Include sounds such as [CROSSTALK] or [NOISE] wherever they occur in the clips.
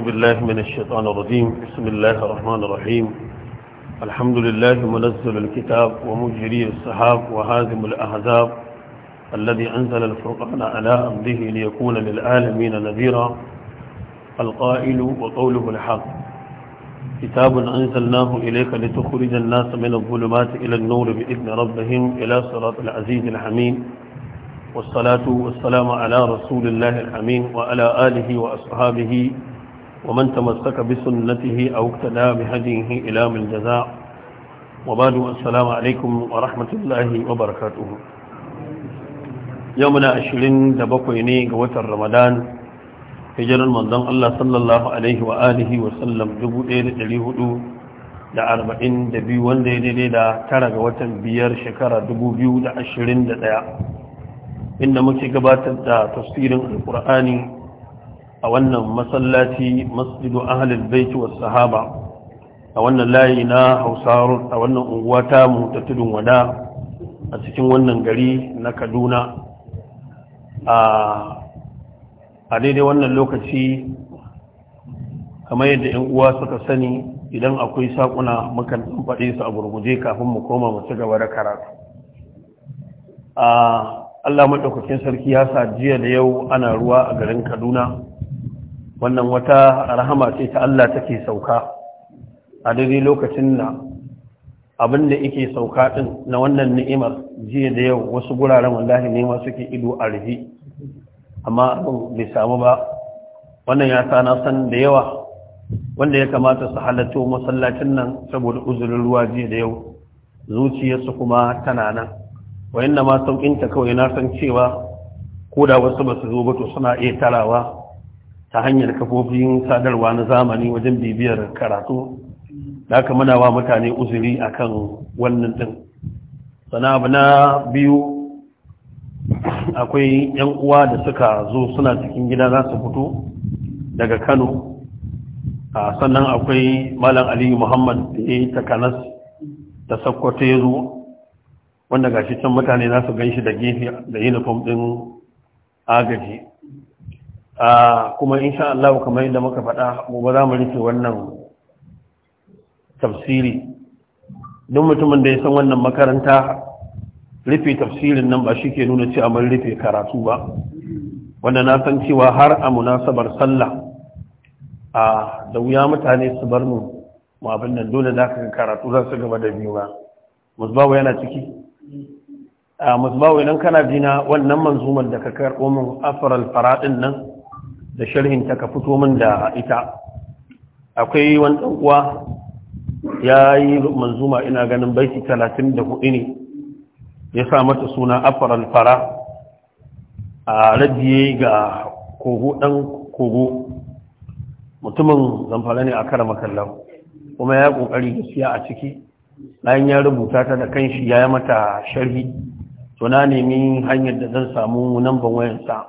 بالله من الشيطان الرجيم بسم الله الرحمن الرحيم الحمد لله منزل الكتاب ومجري الصحاب وهازم الأحزاب الذي أنزل الفرقان على عبده ليكون للعالمين نذيرا القائل وقوله الحق كتاب أنزلناه إليك لتخرج الناس من الظلمات إلى النور بإذن ربهم إلى صراط العزيز الحميم والصلاة والسلام على رسول الله الحميم وعلى آله وأصحابه ومن تمسك بسنته أو اقتدى بهديه إلى من جزاء وبعد السلام عليكم ورحمة الله وبركاته يومنا عشرين دبقيني قوة رمضان hijirar manzon Allah sallallahu Alaihi wa alihi wasallam 1442 wanda ya daidai da tara ga watan biyar shekara ɗaya. inda muke gabatar da tafsirin alkur'ani a wannan masallaci masjidu ahlul baiti was sahaba a wannan layi na hausarun a wannan unguwa ta mu ta tudun wada a cikin wannan gari na kaduna a daidai wannan lokaci kamar yadda yan uwa suka sani idan akwai sakuna mukan faɗe su a gurguje kafin mu koma mu ci gaba da karatu Allah maɗaukakin sarki ya sa jiya da yau ana ruwa a garin kaduna wannan wata rahama ce ta Allah take sauka a dare lokacin da abin da yake sauka din na wannan ni'imar jiya da yau wasu guraren wallahi nema suke ido a rufe amma abin bai samu ba wannan ya sa na san da yawa wanda ya kamata su halatto masallacin nan saboda uzurin ruwa jiya da yau zuciyarsu kuma tana nan Wa da ma sauƙinta kawai na san cewa ko da wasu ba su zo ba to suna iya tarawa ta hanyar kafofin sadarwa na zamani wajen bibiyar karatu da aka mana wa mutane uzuri a kan wannan din sana abu na biyu akwai yan uwa da suka zo suna cikin gida za su fito daga kano A sannan akwai malam aliyu muhammad da ya yi takanas da sakkwato ya zo wanda gashi can mutane za su gan shi da gefe da yunifom din agaji kuma insha Allah kamar yadda muka faɗa gobe za mu rufe wannan tafsiri don mutumin da ya san wannan makaranta rufe tafsirin nan ba shi ke nuna cewa mun rufe karatu ba wanda na san cewa har a munasabar sallah a da wuya mutane su bar mu mu abin nan dole za ka karatu za su gaba da biyu ba musbawa yana ciki a musbawa idan kana jina wannan manzumar da ka karɓo mun afaral faraɗin nan da sharhin ta ka fito min da ita akwai wani ɗan uwa ya yi manzuma ina ganin baiti talatin da hudu ne ya sa mata suna afaral fara a rajiye ga kogo ɗan kogo mutumin zamfara ne a kara makallau kuma ya ƙoƙari gaskiya a ciki bayan ya rubuta ta da kanshi ya yi mata sharhi to na nemi hanyar da zan samu namban wayansa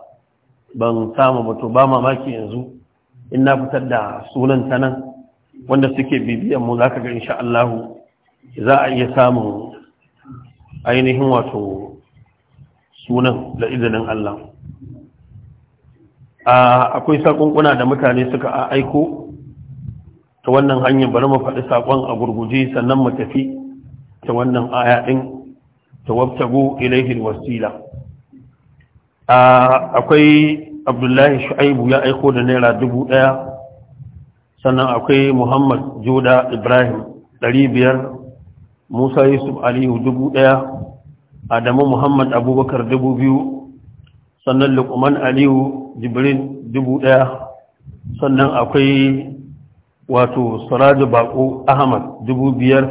ban samu ba to ba mamaki yanzu in na fitar da sunan ta nan wanda suke bibiyan mu zaka ga insha Allah za a iya samun ainihin wato sunan da izinin Allah akwai sakunkuna da mutane suka aiko ta wannan hanyar bari mu faɗi sakon a gurguje sannan mu tafi ta wannan aya ɗin ta wabtago ilaihi wasila akwai abdullahi shu'aibu ya aiko da naira dubu ɗaya sannan akwai muhammad joda ibrahim ɗari biyar musa yusuf aliyu dubu ɗaya adamu muhammad abubakar dubu biyu sannan lukman aliyu jibrin dubu ɗaya sannan akwai wato suraju baƙo ahmad dubu biyar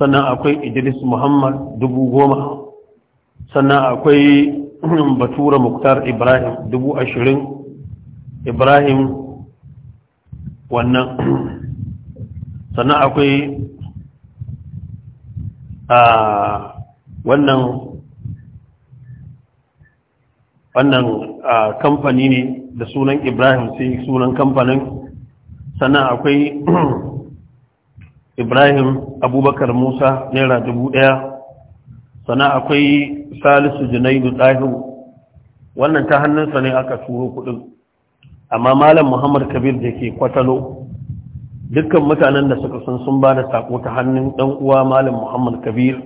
sannan akwai idris muhammad dubu goma sannan akwai [CLEARS THROAT] batura muktar ibrahim dubu ashirin ibrahim wannan [CLEARS THROAT] sannan akwai a wannan wannan kamfani ne da sunan ibrahim sai sunan kamfanin sannan akwai [CLEARS THROAT] ibrahim abubakar musa naira dubu ɗaya sana akwai salisu junaidu ɗahiru wannan ta hannunsa ne aka turo kuɗin amma malam muhammad kabir da ke kwatalo dukkan mutanen da suka san sun ba da sako ta hannun ɗan uwa malam muhammad kabir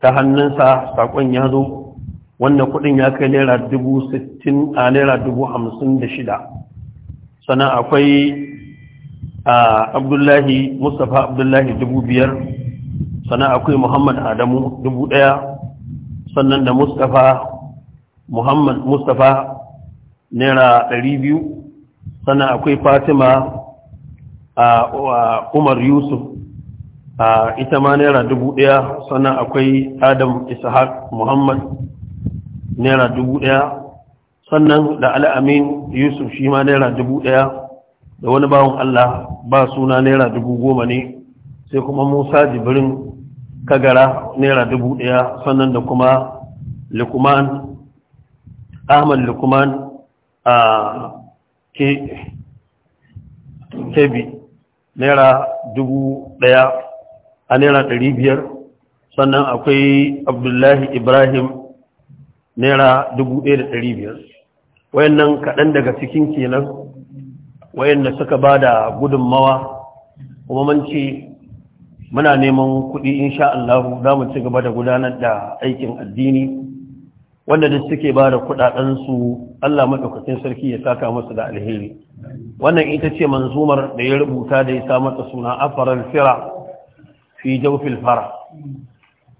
ta hannunsa sakon ya zo wanda kuɗin ya kai naira dubu sittin a naira dubu hamsin da shida sana akwai a abdullahi mustapha abdullahi dubu biyar sannan akwai muhammad adamu dubu ɗaya sannan da mustapha muhammad mustapha naira ɗari biyu sannan akwai fatima a umar yusuf a ita ma naira dubu ɗaya sannan akwai adam ishaq muhammad naira dubu ɗaya sannan da al'amin yusuf shi ma naira dubu ɗaya da wani bawon allah ba suna naira dubu goma ne sai kuma musa jibirin kagara naira dubu ɗaya sannan da kuma lukuman ahmad lukuman a kebi naira dubu ɗaya a naira ɗari biyar sannan akwai abdullahi ibrahim naira dubu ɗaya da ɗari biyar wayannan kaɗan daga cikin kenan wayanda suka ba da gudunmawa kuma manci muna neman kuɗi insha Allah za mu ci gaba da gudanar da aikin addini wanda da suke ba da kuɗaɗensu Allah maɗaukakin sarki ya saka musu da alheri wannan ita ce manzumar da ya rubuta da ya sa suna afarar fira fi jawfil fara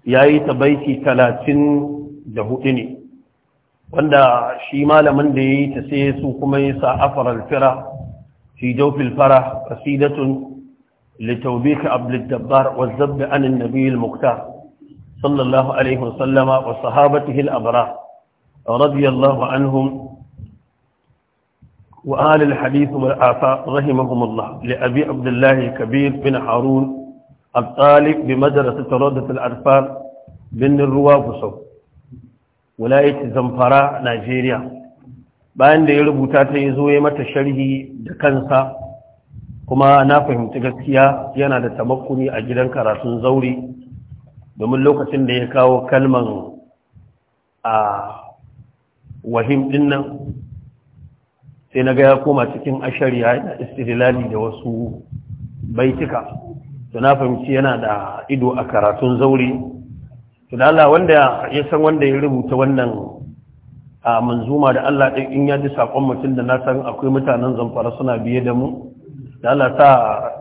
ya yi tabaiti talatin da hudu ne wanda shi malamin da ya yi ta sai su kuma ya sa afarar fira fi jawfil fara kasidatun لتوبيك عبد الجبار والذب عن النبي المختار صلى الله عليه وسلم وصحابته الأبرار رضي الله عنهم وآل الحديث والآثار رحمهم الله لأبي عبد الله كبير بن هارون الطالب بمدرسة ردة الأطفال بن الروافسو ولاية زمفرا نيجيريا bayan da ya rubuta ta ya zo ya mata sharhi da kansa kuma na fahimci gaskiya yana da tamakuni a gidan karatun zauri domin lokacin da ya kawo kalman a wahim din nan sai na gaya koma cikin ashari ya da istilali da wasu baitika to na fahimci yana da ido a karatun zauri to da Allah wanda ya san wanda ya rubuta wannan a manzuma da Allah ɗin in ya ji saƙon mutum da na san akwai mutanen zamfara suna biye da mu da Allah sa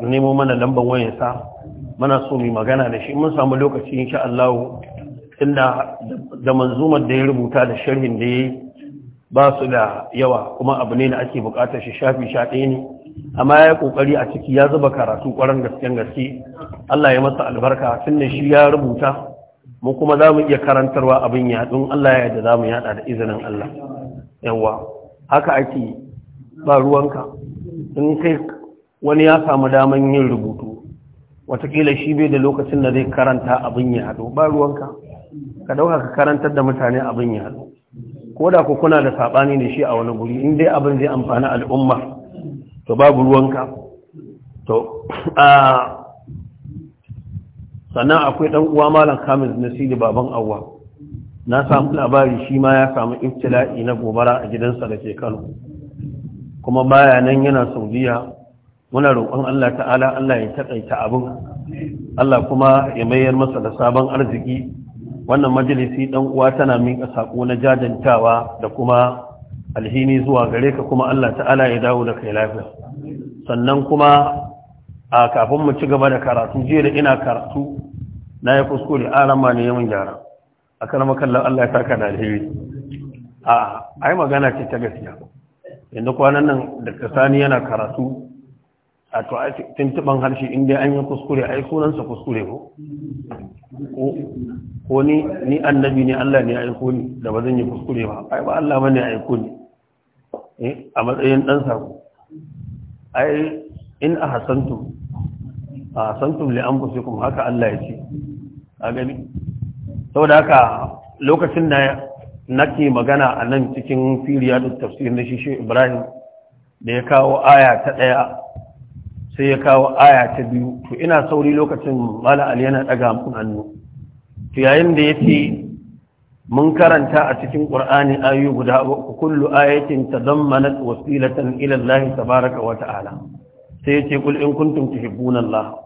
nemo mana lambar wayansa muna so mu magana da shi mun samu lokaci insha Allah inda da manzumar da ya rubuta da sharhin da yayi ba su da yawa kuma abu ne da ake buƙatar shi shafi sha ɗaya ne amma ya kokari a ciki ya zuba karatu kwaran gasken gaske Allah ya masa albarka tunda shi ya rubuta mu kuma za mu iya karantarwa abin yadun, Allah ya yarda za mu yaɗa da izinin Allah yawa haka ake ba ruwanka in kai wani ya samu daman yin rubutu watakila shi bai da lokacin da zai karanta abin ya haɗo ba ruwanka ka dauka ka karantar da mutane abin ya haɗo ko da ku kuna da saɓani da shi a wani guri in dai abin zai amfani al'umma to babu ruwanka to a sannan akwai ɗan uwa malam kamis nasiri baban awwa na samu labari shi ma ya samu ibtila'i na gobara a gidansa da ke kano kuma baya nan yana saudiya muna roƙon Allah ta'ala Allah ya taƙaita abin Allah kuma ya mayar masa da sabon arziki wannan majalisi ɗan uwa tana mika sako na jajantawa da kuma alhini zuwa gare ka kuma Allah ta'ala ya dawo da kai lafiya sannan kuma a kafin mu ci gaba da karatu jiya da ina karatu na ya kuskure arama ne yawan gyara a kalmar kallon Allah ya saka da alheri a ai magana ce ta gaskiya yanzu kwanan nan da kasani yana karatu a to a tuntuban harshe inda an yi kuskure a yi sunansa kuskure ko ko ni ni annabi ne Allah ne ya aiko ni da ba zan yi kuskure ba ai ba Allah bane ya aiko ni eh a matsayin dan sako ai in ahsantu ahsantum li anfusikum haka Allah ya ce a gani saboda haka lokacin da nake magana a nan cikin firiya da tafsirin da shi Ibrahim da ya kawo aya ta daya sai ya kawo aya ta biyu to ina sauri lokacin mala ali yana daga mun hannu to yayin da yace mun karanta a cikin qur'ani ayu guda uku kullu ayatin tadammanat wasilatan ila Allah tabaaraka wa ta'ala sai yace kul in kuntum tuhibbuna Allah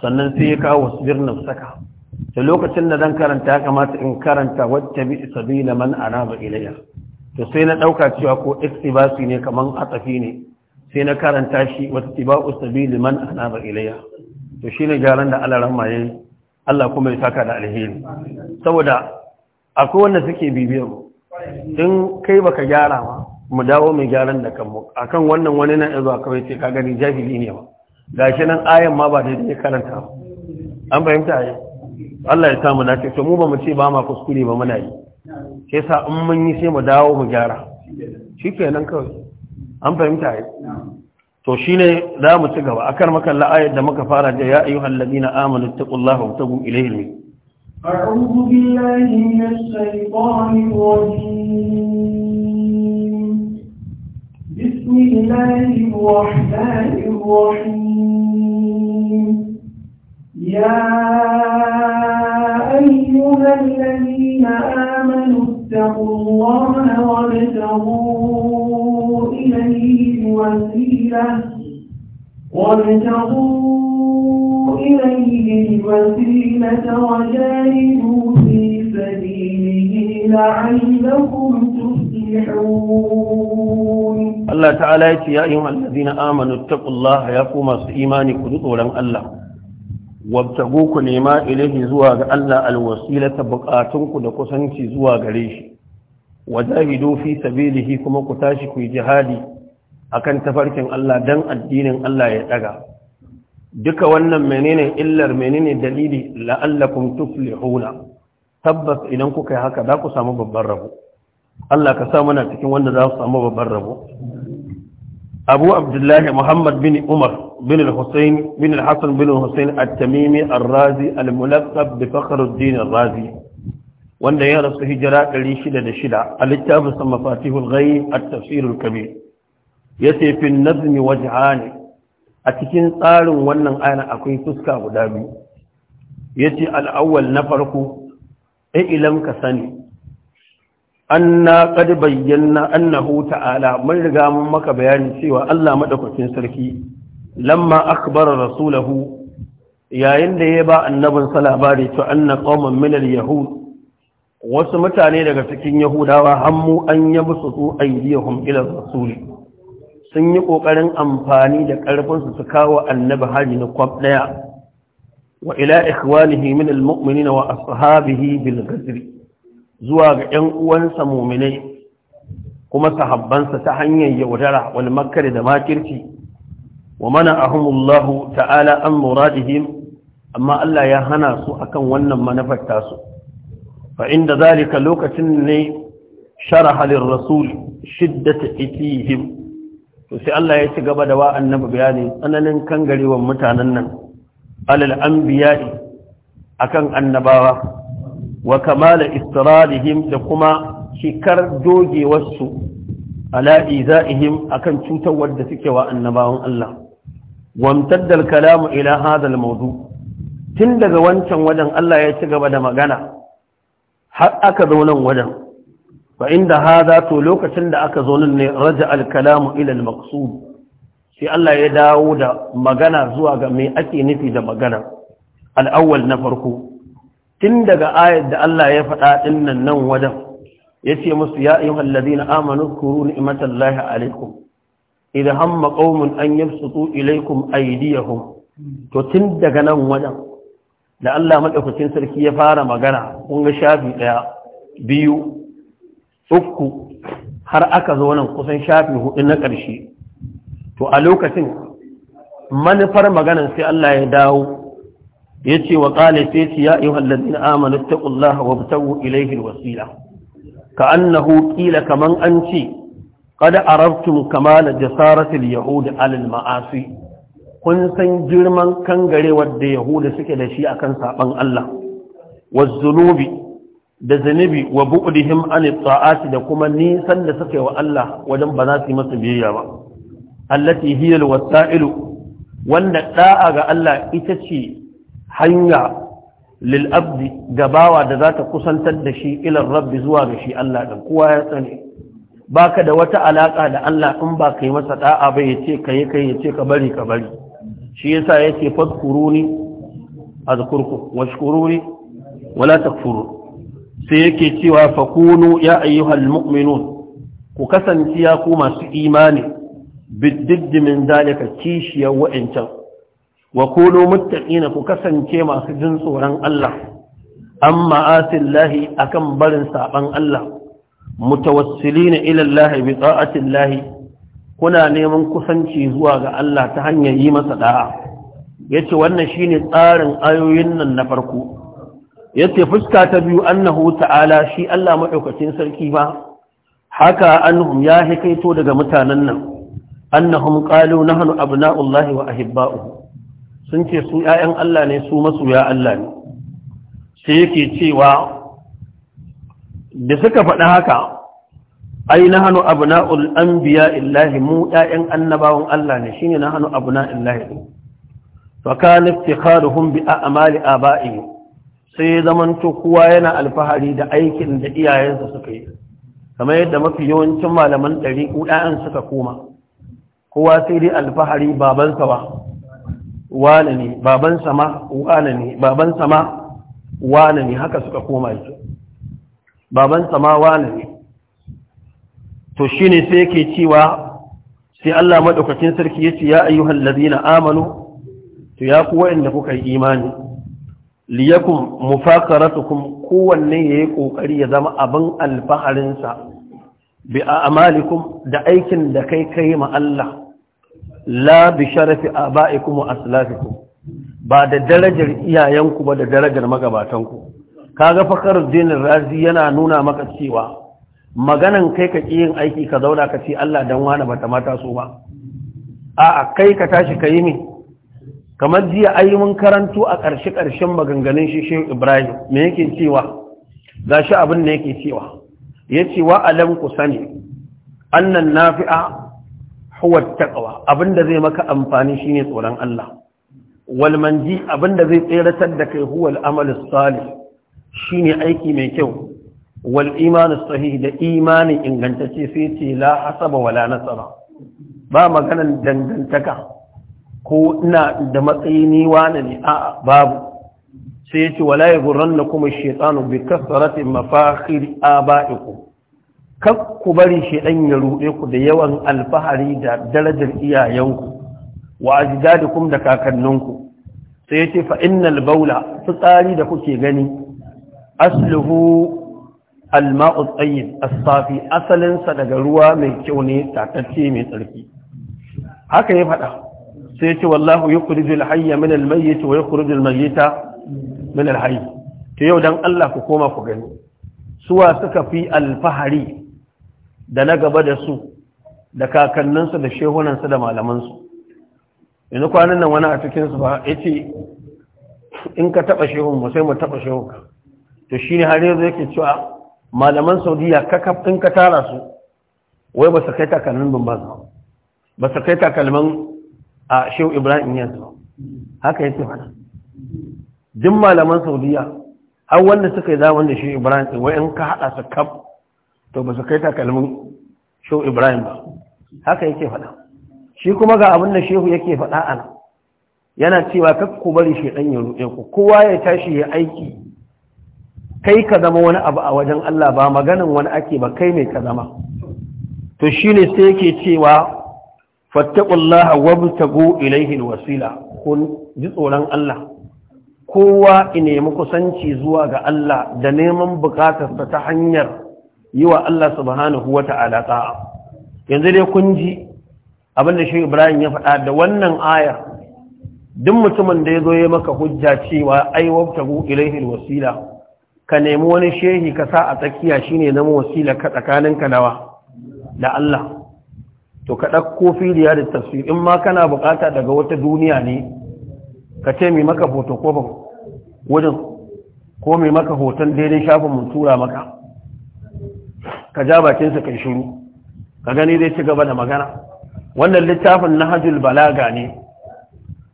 sannan sai ya kawo wasbir nafsaka da lokacin da zan karanta ya kamata in karanta wacce bi sabila man anaba ilayya to sai na dauka cewa ko iktibasi ne kaman atafi ne sai na karanta shi wata tiba'u sabili man anaba ilayya to shine garan da Allah rahma yayi Allah kuma ya saka da alheri saboda akwai wanda suke bibiyar mu in kai baka gyara ma mu dawo mai gyaran da kanmu akan wannan wani na zuwa kawai ce ka gani jahili ne ba gashi nan ayan ma ba da yake karanta an fahimta ai Allah ya samu dace to mu ba mu ce ba ma kuskure ba muna yi sai sa in mun yi sai mu dawo mu gyara shikenan kawai an fahimta yi to shi ne za mu ci gaba a kan makan la'ayar da muka fara da ya ayyuhan lalina amanu taƙullah wa tagun ilaihin mai بسم الله يا أيها الذين آمنوا اتقوا الله وابتغوا إليه الوسيلة وابتغوا إليه الوسيلة وجاهدوا في سبيله لعلكم تفلحون الله تعالى يا أيها الذين آمنوا اتقوا الله يا قوم إيمانكم ولن الله Wabtago ku nema ilahi zuwa ga Allah alwasilata bukatunku da kusanci zuwa gare shi wajahidu fi sabilihi kuma ku tashi ku yi jihadi akan tafarkin Allah dan addinin Allah ya daga duka wannan menene illar menene dalili la'allakum tuflihuna tabbas idan kuka yi haka za ku samu babban rabo Allah ka sa muna cikin wanda za su samu babban rabo أبو عبد الله محمد بن عمر بن الحسين بن الحسن بن الحسين التميمي الرازي الملقب بفخر الدين الرازي وأن يرس هجراء لشدة لشدة الكتاب مفاتيح الغيب التفسير الكبير يتي في النظم وجعان أتكين قال وأن أنا أكون فسكا ودابي يتي الأول نفرك إئلم كسني anna qad bayyana annahu ta'ala mun riga mun maka bayani cewa Allah madaukakin sarki lamma akbara rasulahu yayin da ya ba annabin sa labari to anna qauman min al-yahud wasu mutane daga cikin yahudawa hammu an yi musu su aidiyahum ila rasul sun yi kokarin amfani da karfin su su kawo annabi hari na kwab daya wa ila ikhwanihi min al-mu'minina wa ashabihi bil ghadri zuwa ga ‘yan uwansa muminai kuma sahabbansa ta hanyar yaudara wal makar da makirci wa mana ahumullahu ta'ala an muradihim amma Allah ya hana su akan wannan manufar tasu fa inda zalika lokacin ne halin rasul shiddata itihim to sai Allah ya ci gaba da wa annabi bayani tsananin kangarewar mutanen nan alal a akan annabawa wa kamala istirarihim da kuma shikar dogewarsu ala a kan cutarwar da suke wa annabawan Allah wamtaddal kalamu ila hadha al tun daga wancan wajen Allah ya ci gaba da magana har aka zo nan wajen fa inda to lokacin da aka zo nan ne raja al-kalamu ila sai Allah ya dawo da magana zuwa ga me ake nufi da magana Al'awwal na farko tun daga ayar da Allah ya faɗa ɗin nan nan wajen ya ce musu ya ayyuha alladhina amanu kuru ni'matallahi alaikum idza hamma qaumun an yabsutu ilaykum aydiyahum to tun daga nan wajen da Allah madaukakin sarki ya fara magana kun ga shafi daya biyu uku har aka zo nan kusan shafi hudu na ƙarshe to a lokacin manufar maganar sai Allah ya dawo yace wa qala sai ya ayyuhal ladina amanu taqullaha wabtagu ilayhi alwasila ka'annahu qila kaman an ce qad arabtum kamala jasarati alyahud ala almaasi kun san girman kangarewar da yahuda suke da shi akan saban Allah wazzulubi da zanibi wa bu'dihim an ta'ati da kuma nisan da suke wa Allah wajen ba za su yi masa biyayya ba allati hiya alwasailu wanda da'a ga Allah ita ce hanya lil'abdi gabawa da za ta kusantar da shi ilar rabbi zuwa ga shi Allah ɗan kowa ya tsane ba ka da wata alaƙa da Allah in ba ka yi masa ɗa'a ba ya ce ka yi kai ya ce ka bari ka bari shi sa ya ce fadkuruni a zakurku washkuruni wala takfuru sai yake cewa fakunu ya ayyuhal mu'minun ku kasance ya ku masu imani biddiddi min ka kishiyar wa'ancan wa kunu muttaqina ku kasance masu jin tsoron Allah amma a kan barin saɓan Allah mutawassili na Allah bi ta'atillah kuna neman kusanci zuwa ga Allah ta hanyar yi masa Ya yace wannan shine tsarin ayoyin nan na farko yace fuska ta biyu annahu ta'ala shi Allah maɗaukacin sarki ba haka anhum ya hikaito daga mutanen nan annahum ƙalu nahnu abna'ullahi wa ahibba'uhu sun ce su ‘ya'yan Allah ne su masoya Allah ne sai yake cewa da suka faɗi haka ai na hannu abu na an biya illahi mu ‘ya'yan annabawan Allah ne shi ne na hannu abu na'illahi ne faka nufti karuhun bi a amali a ba'i sai ya zamanto kowa yana alfahari da aikin da iyayensa suka yi kamar yadda mafi yawancin malaman ɗari ‘ya'yan suka koma kowa sai dai alfahari babansa ba wane ne baban sama wane ne baban sama wane ne haka suka koma yake baban sama wane ne to ne sai yake cewa sai Allah maɗaukacin sarki yace ya ayyuhan ladina amanu to ya ku wa'anda kuka yi imani liyakum mufaqaratukum kowanne yayi ƙoƙari ya zama abin alfaharinsa bi a'malikum da aikin da kai kai ma Allah la bi sharafi aba'ikum wa aslafikum ba da darajar iyayenku ba da darajar magabatanku kaga Fakhruddin Razi yana nuna maka cewa maganan kai ka yin aiki ka zauna ka ce Allah dan wani bata mata so ba a'a kai ka tashi ka yi min kamar jiya ayi mun karanto a ƙarshe ƙarshen maganganun shi Shehu Ibrahim me yake cewa gashi abin da yake cewa yace wa alam kusani annan nafi'a huwar takawa abinda zai maka amfani shine tsoron Allah walmanji, abin abinda zai tseratar da kai huwa al salih shine aiki mai kyau wal iman sahih da imani ingantacce sai ce la hasaba wala nasara. ba maganan dangantaka ko ina da matsayi ni wani ne a babu sai ya ce wala ya gurran na kuma shaitanu bi kasaratin mafakhir aba'iku kar ku bari shedan ya ruɗe ku da yawan alfahari da darajar iyayenku wa ajdadikum da kakanninku sai ce fa innal baula fitsari da kuke gani asluhu alma'u tayyib as-safi asalin sa daga ruwa mai kyau ne tatacce mai tsarki haka ya faɗa sai ce wallahu yukhrijul hayya min al-mayyit wa yukhrijul mayyita min al-hayy to yau dan Allah ku koma ku gani suwa suka fi alfahari da na gaba da su da kakanninsu da shehunansu da malamansu inu kwanan nan wani a cikinsu ba ya ce in ka taɓa shehun mu sai mu taɓa shehun ka to shi ne har yanzu yake cewa malaman saudiya kakaf in ka tara su wai ba su kai takalmin bin ba ba su kai takalmin a shehu ibrahim yanzu ba haka yake fada duk malaman saudiya har wanda suka yi zaman da shehu ibrahim wai in ka haɗa su kaf to ba su kai takalmin shehu ibrahim ba haka yake faɗa shi kuma ga abin da shehu yake faɗa a yana cewa kar ku bari ɗan ya ruɗe ku kowa ya tashi ya aiki kai ka zama wani abu a wajen Allah ba maganin wani ake ba kai mai ka zama to shi ne sai yake cewa wa wabtagu ilaihin Wasila, kun ji tsoron Allah kowa ya nemi kusanci zuwa ga Allah da neman bukatarsa ta hanyar yi wa Allah subhanahu wa ta'ala ta'a yanzu dai kun ji abin da shi Ibrahim ya faɗa da wannan ayar. duk mutumin da ya zo ya maka hujja cewa ai wabtagu ilaihin wasila, ka nemi wani shehi ka sa a tsakiya shine zama wasila ka tsakanin kanawa da Allah to ka ɗauko filiya da tafsir in ma kana buƙata daga wata duniya ne ka ce mai maka fotokofin wajen ko mai maka hoton daidai shafin mun tura maka ka ja bakinsa kai shiru ka gani zai ci gaba da magana wannan littafin na nahajul balaga ne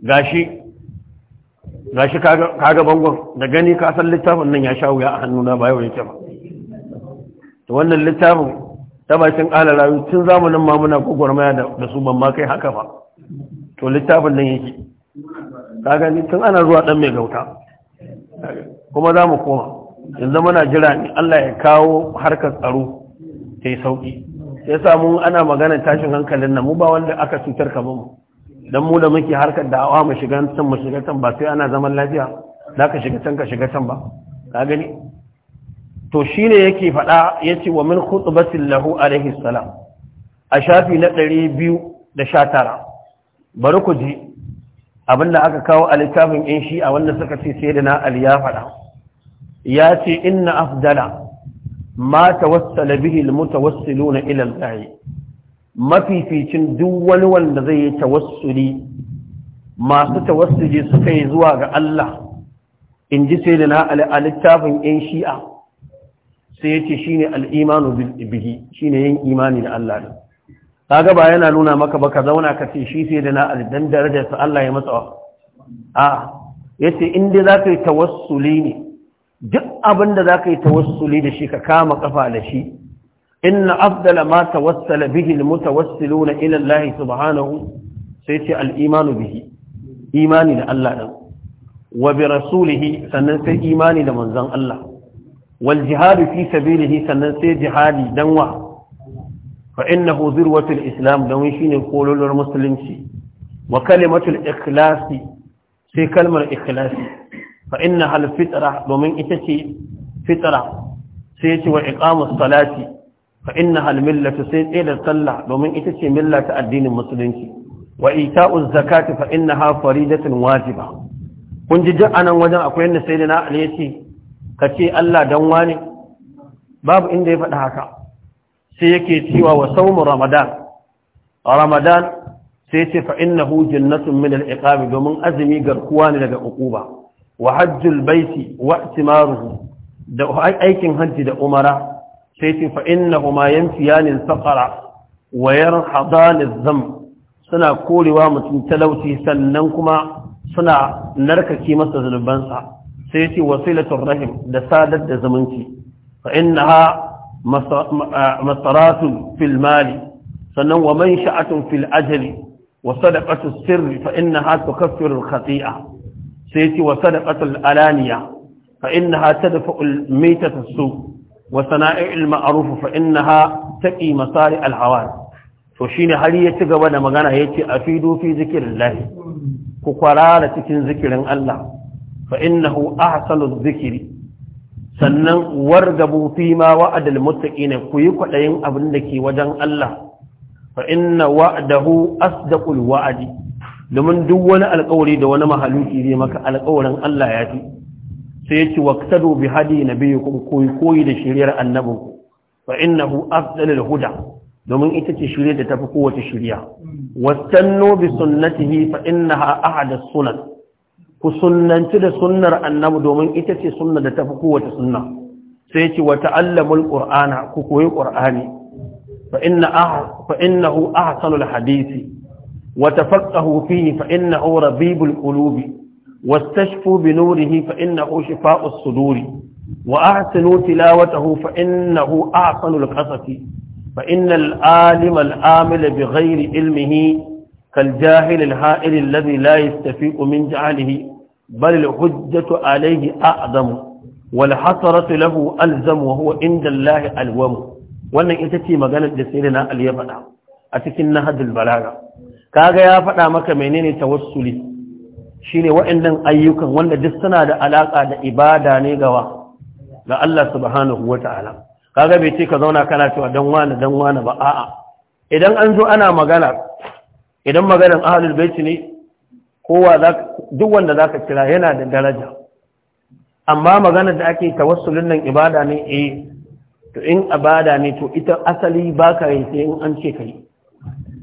gashi gashi kaga bangon da gani ka san littafin nan ya sha wuya a hannuna ba yau yake ba to wannan littafin ta bakin ala rayu tun zamanin ma muna gwagwarmaya da su ban ma kai haka ba to littafin nan yake ka gani tun ana zuwa dan mai gauta kuma za mu koma yanzu muna jira ne Allah ya kawo harkar tsaro ta yi sauƙi ya samu ana magana tashin hankalin na mu ba wanda aka cutar ka ba mu don mu da muke harkar da awa mu shiga can mu shiga can ba sai ana zaman lafiya za ka shiga can ka shiga can ba ka gani to shi ne yake faɗa ya ce, wa min khutbatin lahu alaihi salam a shafi na ɗari biyu da sha tara bari ku ji da aka kawo a littafin in shi a wanda suka ce sai da na ali ya faɗa ya ce inna afdala ma tawassala bihi almutawassiluna ila al-da'i mafificin duk wani wanda zai yi tawassuli masu tawassuli suka yi zuwa ga Allah in ji sai da na alittafin ‘yan shi'a sai ya ce shi ne al'imanu bihi shi ne imani da Allah ta gaba yana nuna maka ka zauna ka ce shi sai da na da darajarsa Allah ya matsawa a ya ce inda za ka yi tawassuli ne duk abin da za ka yi tawassuli da shi ka kama kafa da shi inna afdala ma tawassala bihi almutawassiluna ila Allah subhanahu sai ce al-imanu bihi imani da Allah dan wa bi rasulihi sannan sai imani da manzon Allah wal jihadu fi sabilihi sannan sai jihadi dan wa fa innahu zirwatul islam dan shine kololor musulunci wa kalimatul ikhlasi sai kalmar ikhlasi fa inna hal fitra domin ita ce fitra sai ce wa iqamus salati fa inna hal millatu sai tsaye da sallah domin ita ce millata addinin musulunci wa ita'uz zakati fa innaha faridatun wajiba kun ji duk anan wajen akwai yadda sai da na ali yace ka ce Allah dan wani. babu inda ya faɗi haka sai yake cewa wa saumu ramadan ramadan sai ce fa innahu jannatun min al-iqabi domin azumi garkuwa ne daga uquba wa hajjul baiti wa timaruhu da aikin hajji da umara sai ce fa innahuma yanfiyanil faqara wa yarhadanil dham suna korewa mutum talauci sannan kuma suna narkake masa zunubansa sai ce wasilatul rahim da sadar da zumunci fa innaha masaratun fil mali sannan wa man sha'atun fil ajali wa sadaqatu sirri fa innaha tukaffiru al sai ce wa sadaqatul alaniya fa innaha tadfa'u mitata su wa a ma'ruf fa innaha taqi masari alhawan to shine har ya ci gaba da magana yace a fi zikrillah ku kwarara cikin zikirin Allah fa a ahsanu zikiri? sannan wargabu fi ma wa'adal ne ku yi kwaɗayin abin da ke wajen Allah fa inna wa'dahu asdaqul wa'adi domin duk wani alkawari da wani mahaluki zai maka alkawarin Allah ya fi sai ya ce waqtadu bi hadi nabiyikum koyi koyi da shiriyar annabinku fa innahu afdalul huda domin ita ce shiriyar da tafi kowace shiriya wastannu bi sunnatihi fa innaha ahadus sunan ku sunnanci da sunnar annabi domin ita ce sunna da tafi kowace sunna sai ci wa ta'allamul qur'ana ku koyi qur'ani fa inna ah, fa innahu ahsanul hadisi وتفقهوا فيه فإنه ربيب القلوب واستشفوا بنوره فإنه شفاء الصدور وأحسنوا تلاوته فإنه أحسن القصص فإن العالم العامل بغير علمه كالجاهل الهائل الذي لا يستفيق من جعله بل الحجة عليه أعظم والحسرة له ألزم وهو عند الله ألوم wannan ita ce maganar da sai na aliyar faɗa a cikin nahadul balaga kaga ya faɗa maka menene tawassuli shine waɗannan ayyukan wanda duk suna da alaka da ibada ne gawa ga Allah subhanahu wata'ala kaga bai ce ka zauna kana cewa dan wani dan wani ba a'a idan an zo ana magana idan maganar ahlul bait ne kowa duk wanda zaka kira yana da daraja amma maganar da ake tawassulin nan ibada ne eh to in ibada ne to ita asali baka yi sai in an ce kai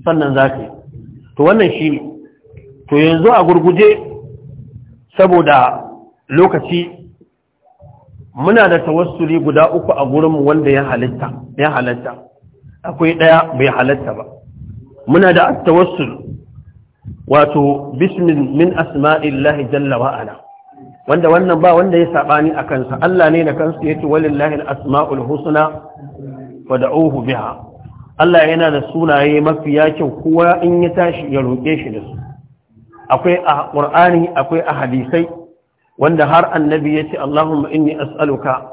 sannan zaka yi to wannan shi to yanzu a gurguje saboda lokaci muna da tawassuli guda uku a gurinmu wanda ya halitta ya akwai ɗaya bai halitta ba muna da tawassul wato bismin min asma'illahi jalla wa wanda wannan ba wanda ya sabani a kansa Allah ne da kansa yace walillahi al-asma'ul husna fad'uhu biha Allah yana da sunaye mafi kyau kowa in ya tashi ya roƙe shi da su akwai a ƙur'ani akwai a hadisai wanda har annabi ya ce Allahumma inni as'aluka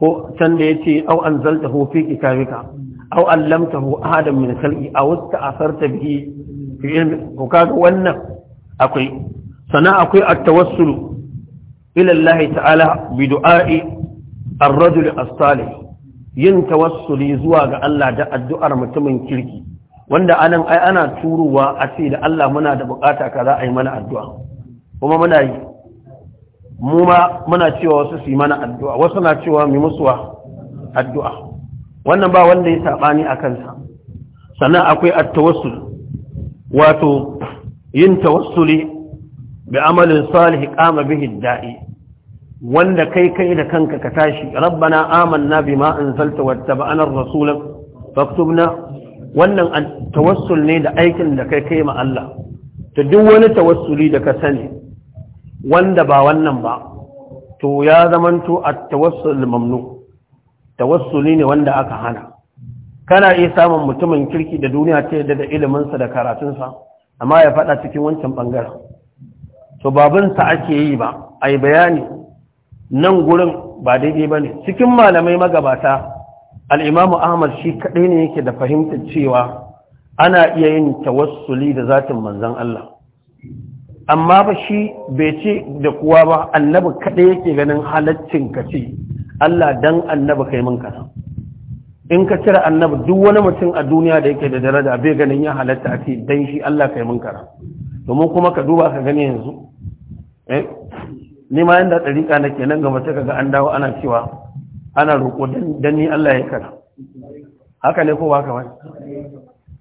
ko can da ya ce au an zalta ho fi kitabika au an lamta ho adam min kalki a wasta asarta bihi fi ilmi ko kaga wannan akwai sana akwai at-tawassulu ila Allah ta'ala bi du'a'i ar-rajul as-salih yin tawassuli zuwa ga Allah da addu'ar mutumin kirki wanda anan ai ana turuwa a ce da Allah muna da bukata kaza yi mana addu'a kuma muna yi mu ma muna cewa wasu su yi mana addu'a wasu na cewa mu musu addu'a wannan ba wanda ya saɓani a kansa sannan akwai at-tawassul wato yin tawassuli bi amalin salih qama bihi da'i wanda kai kai da kanka ka tashi rabbana amanna bima anzalta wattaba'ana ar-rasul faktubna wannan tawassul ne da aikin da kai kai ma Allah to duk wani tawassuli da ka sani wanda ba wannan ba to ya zamanto at-tawassul mamnu tawassuli ne wanda aka hana kana iya samun mutumin kirki da duniya ta yadda da iliminsa da karatunsa amma ya faɗa cikin wancan bangaren to sa ake yi ba ai bayani nan gurin ba daidai ba ne cikin malamai magabata al'imamu ahmad shi kaɗai ne yake da fahimtar cewa ana iya yin tawassuli da zatin manzan Allah amma ba shi bai ce da kuwa ba annabi kaɗai yake ganin halaccin ka ce Allah dan annabi kai min kana in ka cire annabi duk wani mutum a duniya da yake da daraja bai ganin ya halatta a ce dan shi Allah kai mun kana domin kuma ka duba ka gani yanzu eh, ni ma yanda na ke nan gaba sai ga an dawo ana cewa ana roƙo don ni Allah ya kara haka ne ko baka wani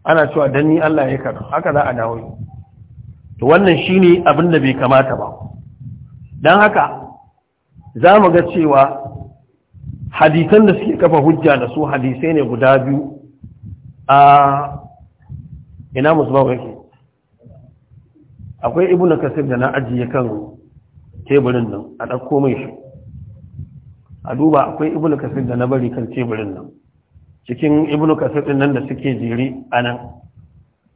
ana cewa don ni Allah ya kara haka za a dawo to wannan shi ne abin da bai kamata ba Don haka za mu ga cewa hadisan da suke kafa hujja da su hadisai ne guda biyu a ina musu ba yake akwai ibu na kasir da na ajiye kan teburin nan a ɗauko mai shi a duba akwai ibn kasir da na bari kan teburin nan cikin ibn kasir ɗin nan da suke jere a nan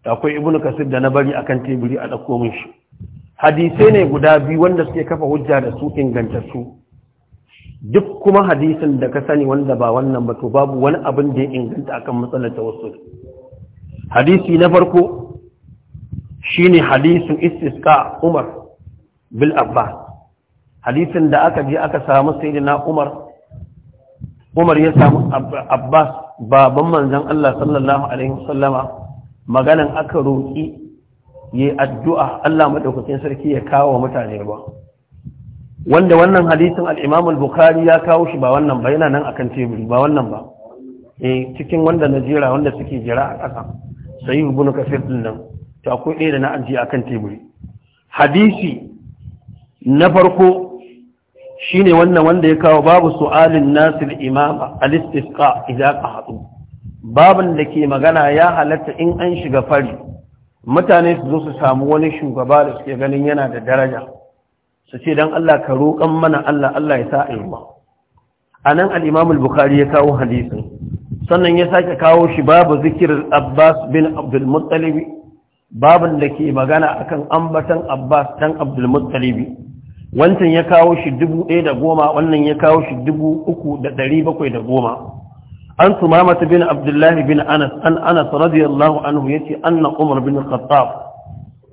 akwai ibn kasir da na bari a kan teburi a ɗauko mai shi hadisai ne guda biyu wanda suke kafa hujja da su ingantattu duk kuma hadisin da ka sani wanda ba wannan ba to babu wani abin da ya inganta akan matsalar tawassul hadisi na farko shine hadisin istisqa Umar bil Abbas hadisin da aka je aka samu sayyidina Umar Umar ya samu Abbas baban manzon Allah sallallahu alaihi wasallama maganan aka roki yi addu'a Allah madaukakin sarki ya kawo mutane ruwa wanda wannan hadisin al-Imam al-Bukhari ya kawo shi ba wannan ba yana nan akan teburi ba wannan ba eh cikin wanda na jira wanda suke jira a ƙasa sai ibn kafir din nan to akwai ɗaya da na ajiye akan teburi hadisi na farko shine wannan wanda ya kawo babu su'alin nasir imama al-istisqa idza qahatu babin da ke magana ya halatta in an shiga fari mutane su zo su samu wani shugaba da suke ganin yana da daraja su ce dan Allah ka roƙan mana Allah Allah ya sa ilma anan al-imam al-bukhari ya kawo hadisin sannan ya sake kawo shi babu zikirin abbas bin abdul muttalib babin da ke magana akan ambatan abbas dan abdul muttalib wancan ya kawo shi dubu ɗaya da goma wannan ya kawo shi dubu uku da ɗari bakwai da goma an mamata bin abdullahi bin anas an anas radiyallahu anhu ya ce anna umar bin khattab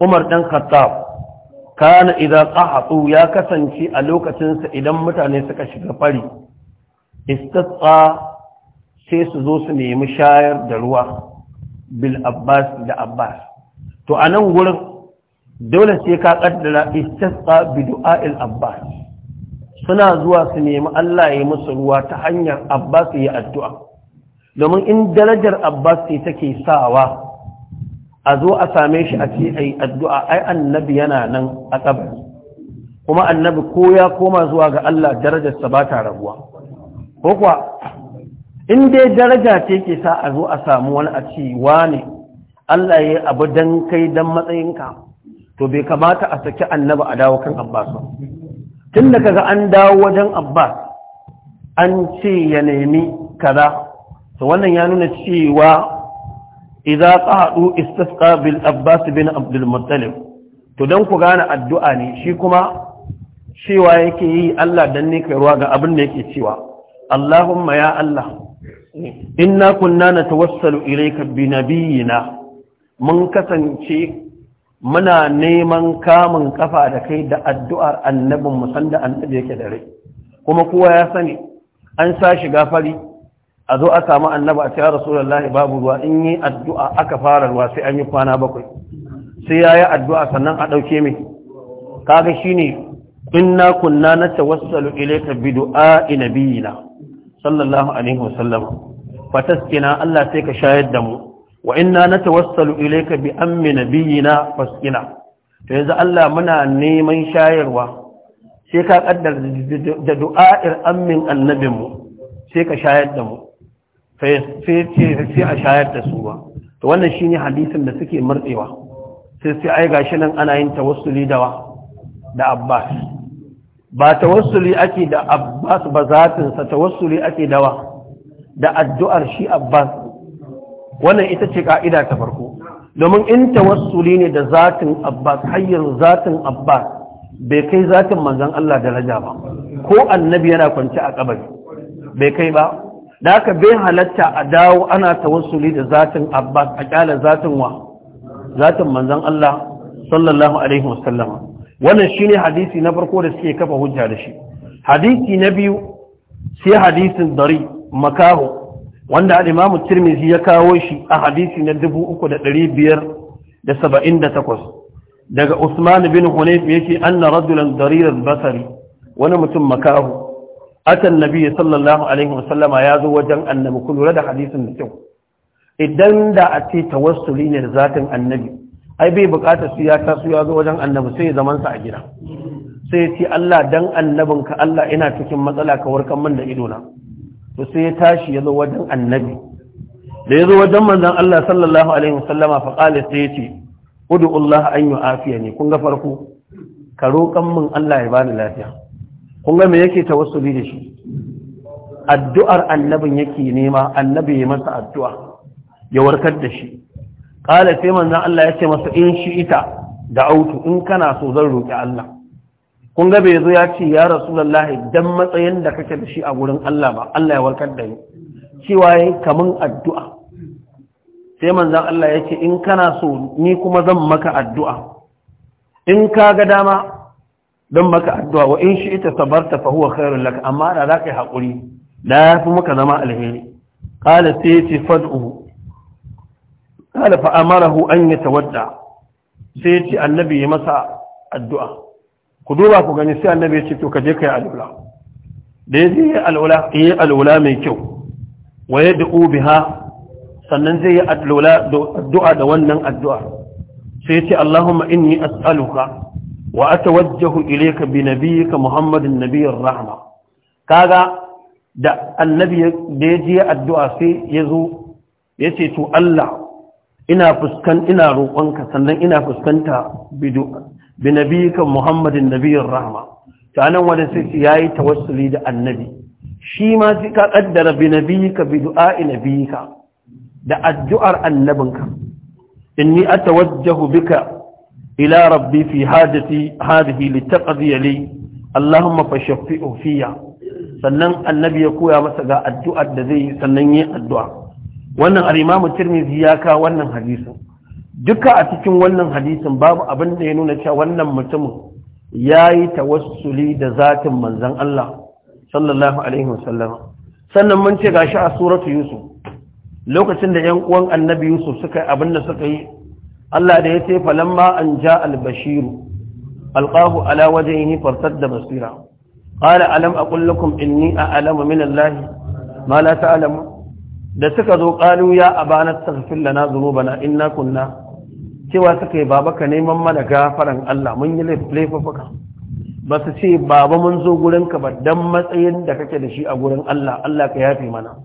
umar ɗan khattab kana idan qahatsu ya kasance a lokacinsa idan mutane suka shiga fari istatsa sai su zo su nemi shayar da ruwa bil abbas da abbas to a nan gurin dole sai ka kaddara istisqa bi du'a'il abbas suna zuwa su nemi Allah ya musu ruwa ta hanyar abbas ya addu'a domin in darajar abbas sai take sawa a zo a same shi a ce ai addu'a ai annabi yana nan a kabari kuma annabi ko ya koma zuwa ga Allah darajarsa ba ta rabuwa ko kuwa in dai daraja ce ke sa a zo a samu wani a ce wane Allah ya abu dan kai dan matsayinka to bai kamata a saki annabi a dawo kan abbas ba tun da kaga an dawo wajen abbas an ce ya nemi kaza to wannan ya nuna cewa idza qahadu istasqa bil abbas bin abdul muttalib to dan ku gane addu'a ne shi kuma cewa yake yi Allah dan ne kai ruwa ga abin da yake cewa Allahumma ya Allah inna kunna natawassalu ilayka bi nabiyyina mun kasance muna neman kamun kafa da kai da addu'ar annabin musanda annabi yake da rai kuma kowa ya sani an sa shiga fari a zo a samu annaba a cewa rasulullahi babu ruwa in yi addu'a aka fara ruwa sai an yi kwana bakwai sai ya yi addu'a sannan a ɗauke mai kaga shi ne In na kunna na wasu tawassalu ka bi du'a inabiyina sallallahu alaihi wasallam fataskina Allah sai ka shayar da mu wa inna natawassalu ilayka bi ammi nabiyina fasqina to yanzu Allah muna neman shayarwa sai ka kaddar da du'a'ir ammin annabin mu sai ka shayar da mu sai sai a shayar da su ba to wannan shine hadisin da suke murdewa sai sai ai gashi nan ana yin tawassuli da da Abbas ba tawassuli ake da Abbas ba sa. tawassuli ake dawa da addu'ar shi Abbas wannan ita ce ka'ida ta farko domin in tawassuli ne da zatin abbas hayyar zatin abbas bai kai zatin manzon Allah daraja ba ko annabi yana kwance a kabari bai kai ba da aka bai halatta a dawo ana tawassuli da zatin abbas a kyala zatin wa zatin manzon Allah sallallahu alaihi wasallama wannan shine hadisi na farko da suke kafa hujja da shi hadisi na biyu sai hadisin dari makaho wanda al-Imam ya kawo shi a hadisi na 3578 daga Usman bin Hunayf yake anna rajulan darir basari wani mutum makahu atan nabi sallallahu alaihi wasallam ya zo wajen annabi kullu da hadisin da kyau idan da a ce tawassuli ne da zatin annabi ai bai bukatar su ya taso ya zo wajen annabi sai zaman sa a gida sai ya ce Allah dan annabinka Allah ina cikin matsala ka warkar min da idona to sai ya tashi ya zo wajen annabi da ya zo wajen manzon Allah sallallahu alaihi wasallama fa qala sai ya ce udu Allah an yu'afiya ne kun ga farko ka roƙan min Allah ya bani lafiya kun ga me yake tawassuli da shi addu'ar annabin yake nema annabi ya masa addu'a ya warkar da shi qala sai manzon Allah ya ce masa in shi ita da autu in kana so zan roƙi Allah kun ga bai zo ya ce ya rasu rasulullahi dan matsayin da kake da shi a gurin Allah ba Allah ya warkar da ni cewa yayi kaman addu'a sai manzon Allah ya ce in kana so ni kuma zan maka addu'a in ka ga dama don maka addu'a wa in shi ita sabarta fa huwa khairul lak amma da za ka yi haƙuri da ya fi muka zama alheri qala sai fad'u qala fa amarahu an yatawadda sai annabi ya masa addu'a ku duba ku gani sai annabi ya ce to ka je kai alula da ya alula yi alula mai kyau wa yad'u biha sannan zai yi alula addu'a da wannan addu'a sai ya ce Allahumma inni as'aluka wa atawajjahu ilayka bi nabiyyika Muhammadin nabiyyir rahma kaga da annabi da ya addu'a sai ya zo ya ce to Allah ina fuskan ina roƙonka sannan ina fuskanta bidu bi nabiyika muhammadin nabiyyin rahma ta nan wanda sai yayi tawassuli da annabi shi ma sai ka kaddara bi nabiyika bi du'a'i nabiyika da addu'ar annabinka inni atawajjahu bika ila rabbi fi hajati hadhihi litaqdi li allahumma fashfi'u fiya sannan annabi ya koya masa ga addu'ar da zai sannan yi addu'a wannan al-imam tirmidhi ya ka wannan hadisin duka a cikin wannan hadisin babu abin da ya nuna cewa wannan mutumin ya yi tawassuli da zatin manzan Allah sallallahu alaihi wasallam sannan mun ce gashi a suratu yusuf lokacin da yan uwan annabi yusuf suka abin da suka yi Allah da ya ce falamma an ja al-bashiru alqahu ala wajhihi fartadda basira qala alam aqul lakum inni a'lamu min Allah ma la ta'lamu da suka zo qalu ya abana taghfir lana dhunubana inna kunna cewa suka yi baba ka neman mana gafaran Allah mun yi laifuka ba su ce baba mun zo ka ba don matsayin da kake da shi a gurin Allah Allah ka yafe mana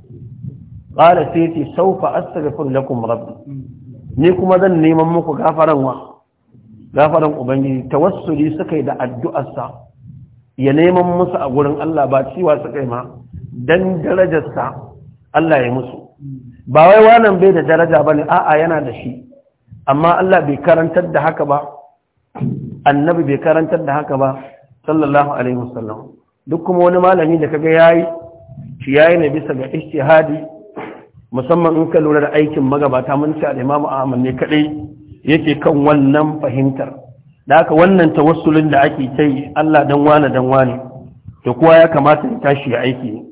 ƙara sai ce saufa astaghfir lakum rabbi ni kuma zan neman muku gafaran wa gafaran ubangiji tawassuli suka yi da addu'ar addu'arsa ya neman musu a gurin Allah ba cewa suka yi ma dan darajarsa Allah ya musu ba wai wannan bai da daraja ba ne a'a yana da shi amma Allah bai karantar da haka ba annabi bai karantar da haka ba sallallahu alaihi wasallam duk kuma wani malami da kaga yayi shi yayi ne bisa ga ijtihadi musamman in ka lura da aikin magabata mun ci da imam Ahmad ne kadai yake kan wannan fahimtar da haka wannan tawassulin da ake kai Allah dan wane dan wane to kowa ya kamata ya tashi ya aiki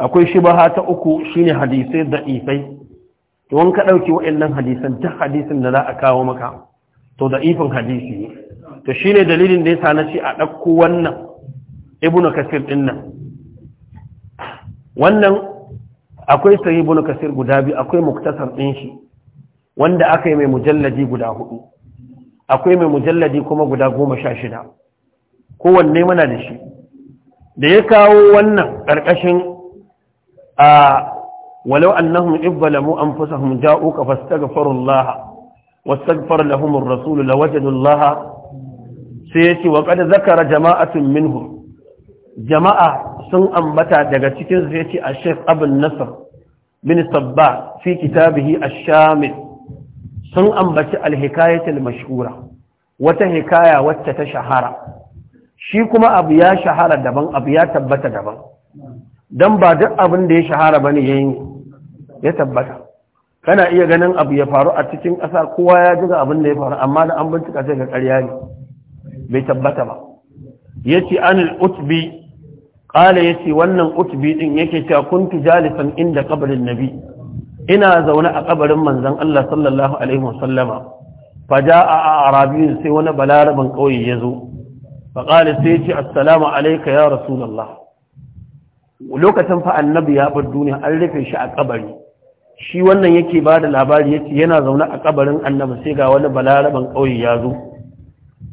akwai shibaha ta uku shine hadisai da'ifai to wani ka ɗauki wa'annan hadisan ta hadisin da za a kawo maka to da ifin hadisi ne to ne dalilin da yasa na ce a ɗauko wannan ibnu kasir ɗin nan wannan akwai sahih ibnu kasir guda biyu akwai muktasar ɗin shi wanda aka yi mai mujalladi guda hudu akwai mai mujalladi kuma guda goma sha shida kowanne muna da shi da ya kawo wannan ƙarƙashin a ولو أنهم إذ ظلموا أنفسهم جاءوك فاستغفروا الله واستغفر لهم الرسول لوجدوا الله سيتي وقد ذكر جماعة منهم جماعة سن أنبتا دقتكين سيتي الشيخ أبو النصر بن الصباح في كتابه الشامل سن أنبتا الحكاية المشهورة وتهكاية وتتشهر شيكما أبيا شهر دبن أبيا تبت دبن don ba duk abin da ya shahara ba ne ya yi ya tabbata kana iya ganin abu ya faru a cikin ƙasa kowa ya ji abin da ya faru amma da an bincika sai ga ƙarya ne bai tabbata ba yace anil utbi qala yace wannan utbi din yake cewa kuntu jalisan inda qabrin nabi ina zaune a kabarin manzon Allah sallallahu alaihi wasallama faja'a arabiyyun sai wani balarabin kauye ya fa qala sai yace assalamu alayka ya rasulullah lokacin fa annabi ya bar duniya an rufe shi a kabari shi wannan yake ba da labari ce yana zaune a kabarin annabi sai ga wani balaraban ƙauye ya zo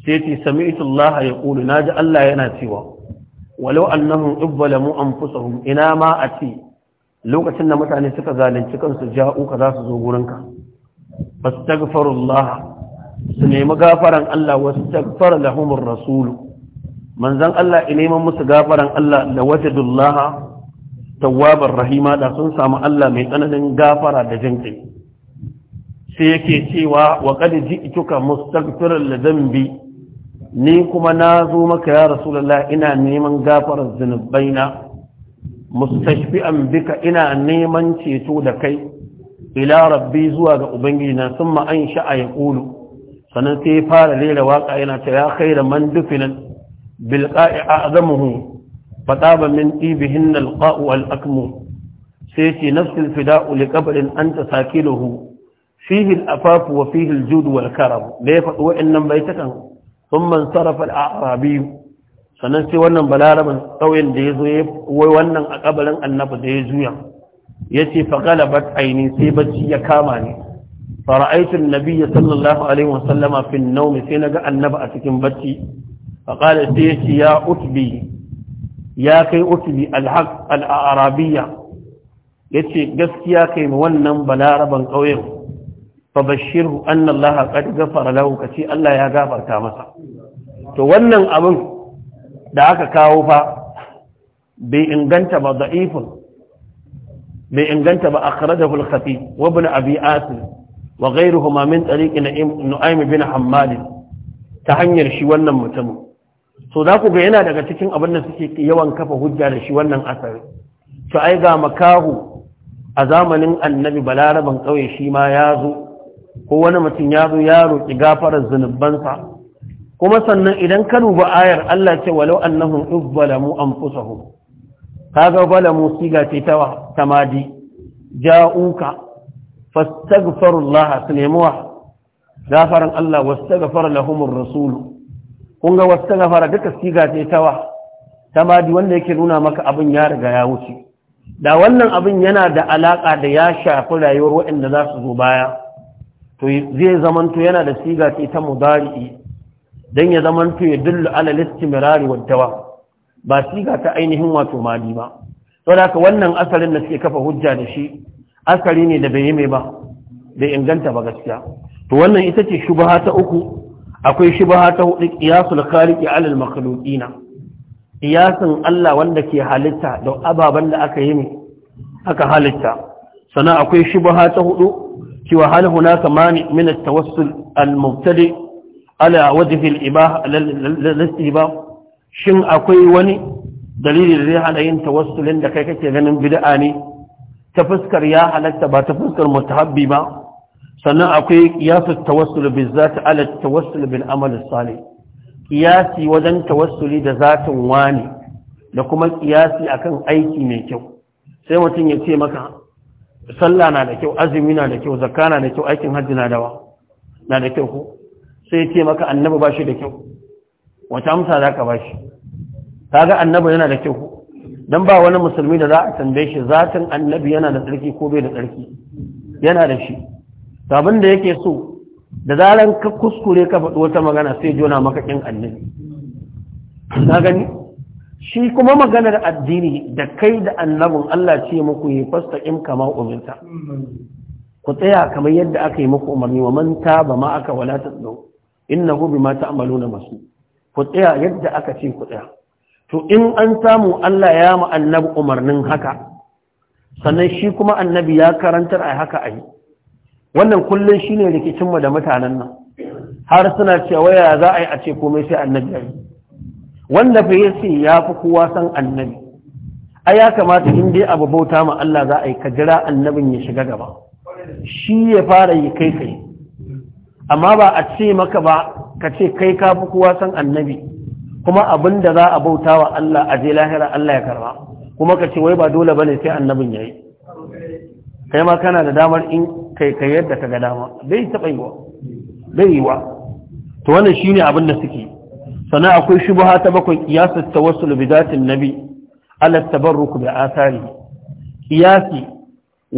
sai yace sami Allah ya na ji Allah yana cewa walau annahum ibbalamu anfusahum ina ma ati lokacin da mutane suka zalunci kansu ja'u ka za su zo gurinka fastaghfirullah su nemi gafaran Allah wastaghfar lahumur rasul manzon Allah ya neman musu gafaran Allah la wajadullah tawwabar rahima da sun samu Allah mai tsananin gafara da jinkai. sai yake cewa wa qad ji'tuka mustaghfiran li dhanbi ni kuma na zo maka ya rasulullah ina neman gafarar zunubaina mustashfi'an bika ina neman ceto da kai ila rabbi zuwa ga ubangiji na summa an sha'a ya qulu sannan sai ya fara rera waka yana ta ya khairu man dufinan bil qa'i a'zamuhu fataba min tibihin alqa'u alakmu sai ce nafsul fida'u li qabrin anta sakiluhu fihi alafafu wa fihi aljud wal karam da ya faɗi wa'annan baitakan thumma sarafa al-a'rabi sannan sai wannan balaraban kauyen da zo ya wai wannan a kabarin annabi da ya juya yace fa galabat aini sai bacci ya kama ni فرأيت النبي صلى sai na ga في a cikin النبأ سكن بتي ya سيتي يا أتبي ya kai utbi alhaq Ya yace gaskiya kai mu wannan balaraban ƙauyen fa bashirhu anna Allah qad ghafara lahu kace Allah ya gafarta masa to wannan abin da aka kawo fa bai inganta ba da'ifun bai inganta ba akhrajahu al Wabin wa ibn abi asim wa ghayruhuma min tariq nu'aym bin hammad ta hanyar shi wannan mutumin so za ku ga yana daga cikin abin da suke yawan kafa hujja da shi wannan asari to ai ga makahu a zamanin annabi balaraban ƙauye shi ma ya zo ko wani mutum ya zo ya roƙi gafarar zunubansa kuma sannan idan ka duba ayar Allah ce walau annahum izzalamu anfusahum kaga balamu siga ce ta tamadi ja'uka fastaghfirullah sunemuwa gafaran Allah gafar lahumur rasulu kun ga wasu fara duka siga ta tawa ta madi wanda yake nuna maka abin ya riga ya wuce da wannan abin yana da alaka da ya shafi rayuwar waɗanda za su zo baya to zai zamanto yana da siga ce ta mudari'i dan ya zamanto ya dullu ala listimrari wa dawa ba siga ta ainihin wato madi ba saboda ka wannan asalin da suke kafa hujja da shi asali ne da bai yi mai ba bai inganta ba gaskiya to wannan ita ce shubaha ta uku akwai shubha ta hudu qiyasul khaliqi alal makhluqina qiyasin Allah wanda ke halitta da ababan da aka yi aka halitta sannan akwai shubha ta hudu cewa hal hunaka mani min at-tawassul al-mubtadi ala wajhi al-ibah al-istibah shin akwai wani dalili da zai hana yin tawassulin da kai kake ganin bid'a ne ta fuskar ya halatta ba ta fuskar mutahabbi ba sannan akwai qiyasu tawassul bil zati ala tawassul bil amal salih Kiyasi wajen tawassuli da zatin wani da kuma kiyasi akan aiki mai kyau sai mutum ya ce maka sallah na da kyau azumi na da kyau zakka na da kyau aikin hajji na dawa na da kyau ko sai ya ce maka annabi ba shi da kyau wata amsa za ka ba shi kaga annabi yana da kyau dan ba wani musulmi da za a tambaye shi zatin annabi yana da tsarki ko bai da tsarki yana da shi tabin da yake so da zaren ka kuskure ka faɗi wata magana sai jona maka ƙin annabi na gani shi kuma maganar addini da kai da annabin Allah ce muku yi fasta in kama umarta ku tsaya kamar yadda aka yi muku umarni wa manta ba ma aka wala ta tsaro ta bima na masu ku tsaya yadda aka ce ku tsaya to in an samu Allah ya ma annabi umarnin haka sannan shi kuma annabi ya karantar a haka a yi wannan kullum shine rikicinmu da mutanen nan har suna cewa ya za a yi a ce komai sai annabi ya wanda fa ya fi kowa san annabi a ya kamata in dai abu bauta ma Allah za a yi ka jira annabin ya shiga gaba shi ya fara yi kai kai amma ba a ce maka ba ka ce kai ka fi kowa san annabi kuma abin da za a bauta wa Allah a je lahira Allah ya karba kuma ka ce wai ba dole bane sai annabin ya yi kai ma kana da damar in kai kai yadda ka ga dama bai taɓa yiwa bai yiwa to wannan shine abin da suke sana akwai shubha ta bakwai qiyasat tawassul bi zatin nabi ala tabarruk bi athari qiyasi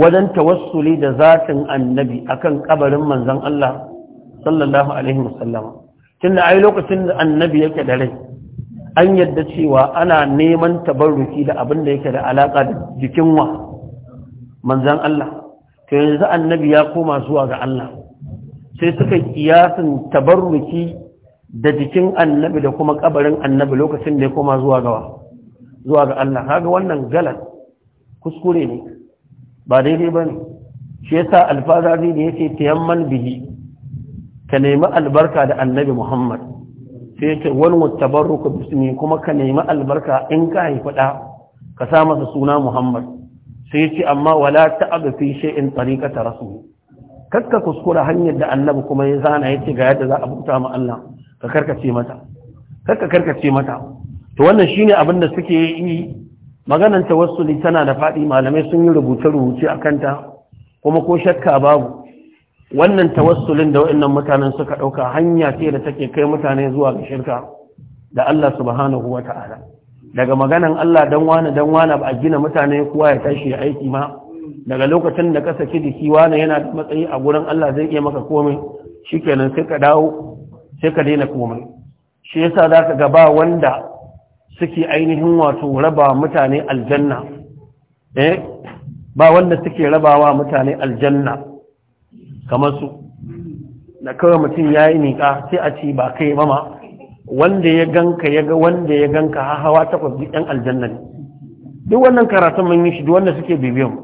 wajen tawassuli da zatin annabi akan kabarin manzon Allah sallallahu alaihi wasallam tunda ai lokacin da annabi yake da rai an yadda cewa ana neman tabarruki da abin da yake da alaka da jikin wa manzon Allah to yanzu annabi ya koma zuwa ga Allah sai suka kiyasin tabarruki da jikin annabi da kuma kabarin annabi lokacin da ya koma zuwa ga zuwa ga Allah kaga wannan galan kuskure ne ba daidai ne. shi yasa alfazazi da yake tayamman bihi ka nemi albarka da annabi Muhammad sai yake wal mutabarruku bismi kuma ka nemi albarka in ka haifi ka sa masa suna Muhammad sai yace amma wala ta'abu fi shay'in ta rasu. kakka kuskura hanyar da annabi kuma ya zana ce, ga yadda za a buta ma Allah ka karkace mata kakka karkace mata to wannan shine abin da suke yi maganan tawassuli tana da fadi malamai sun yi rubuce rubuce akan ta kuma ko shakka babu wannan tawassulin da waɗannan mutanen suka ɗauka hanya ce da take kai mutane zuwa ga shirka da Allah subhanahu wa ta'ala daga maganan Allah don wane don wane ba a gina mutane kuwa ya tashi ya aiki ma daga lokacin da ka saki jiki wane yana matsayi a gurin Allah zai iya maka komai shikenan sai ka dawo sai ka daina komai shi yasa za ga ba wanda suke ainihin wato raba mutane aljanna eh ba wanda suke rabawa mutane aljanna kamar su da kawai mutum ya yi niƙa sai a ce ba kai ba ma wanda ya ganka ya ga wanda ya ganka ha hawa takwas duk ɗan aljanna ne duk wannan karatun mun yi shi duk wanda suke bibiyan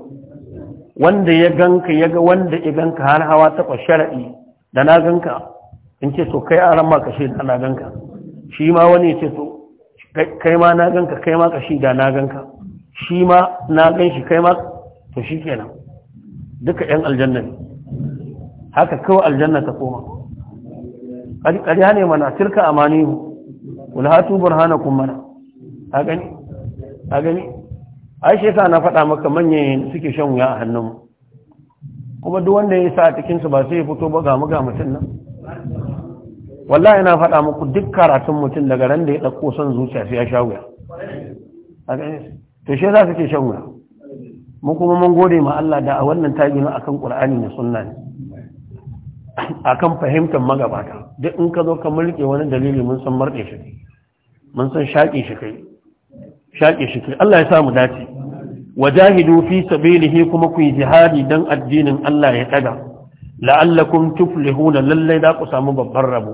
wanda ya ganka ya ga wanda ya ganka har hawa takwas shara'i da na ganka in ce so kai aran ma kashe da na ganka shi ma wani ya ce so kai ma na ganka kai ma kashi da na ganka shi ma na gan shi kai ma to shi kenan duka 'yan aljanna ne haka kawai aljanna ta koma ƙarya ne mana tilka amanihu ulhatu burhanakum mana a gani a gani ai shi na faɗa maka manyan suke shan wuya a hannunmu kuma duk wanda ya sa a cikinsu ba sai ya fito ba gamu ga mutum nan wallahi na faɗa muku duk karatun mutum daga ran da ya ɗauko son zuciya sai ya sha wuya a gani to shi za suke shan wuya mu kuma mun gode ma Allah da a wannan tagin akan Qur'ani da Sunna ne A kan fahimtar magabata duk in ka zo ka mulke wani dalili mun san marɗe shi mun san shaƙe shi kai Allah ya sa mu dace wajahidu fi sabilihi kuma ku yi jihadi dan addinin Allah ya daga la'allakum tuflihuna lallai za ku samu babban rabo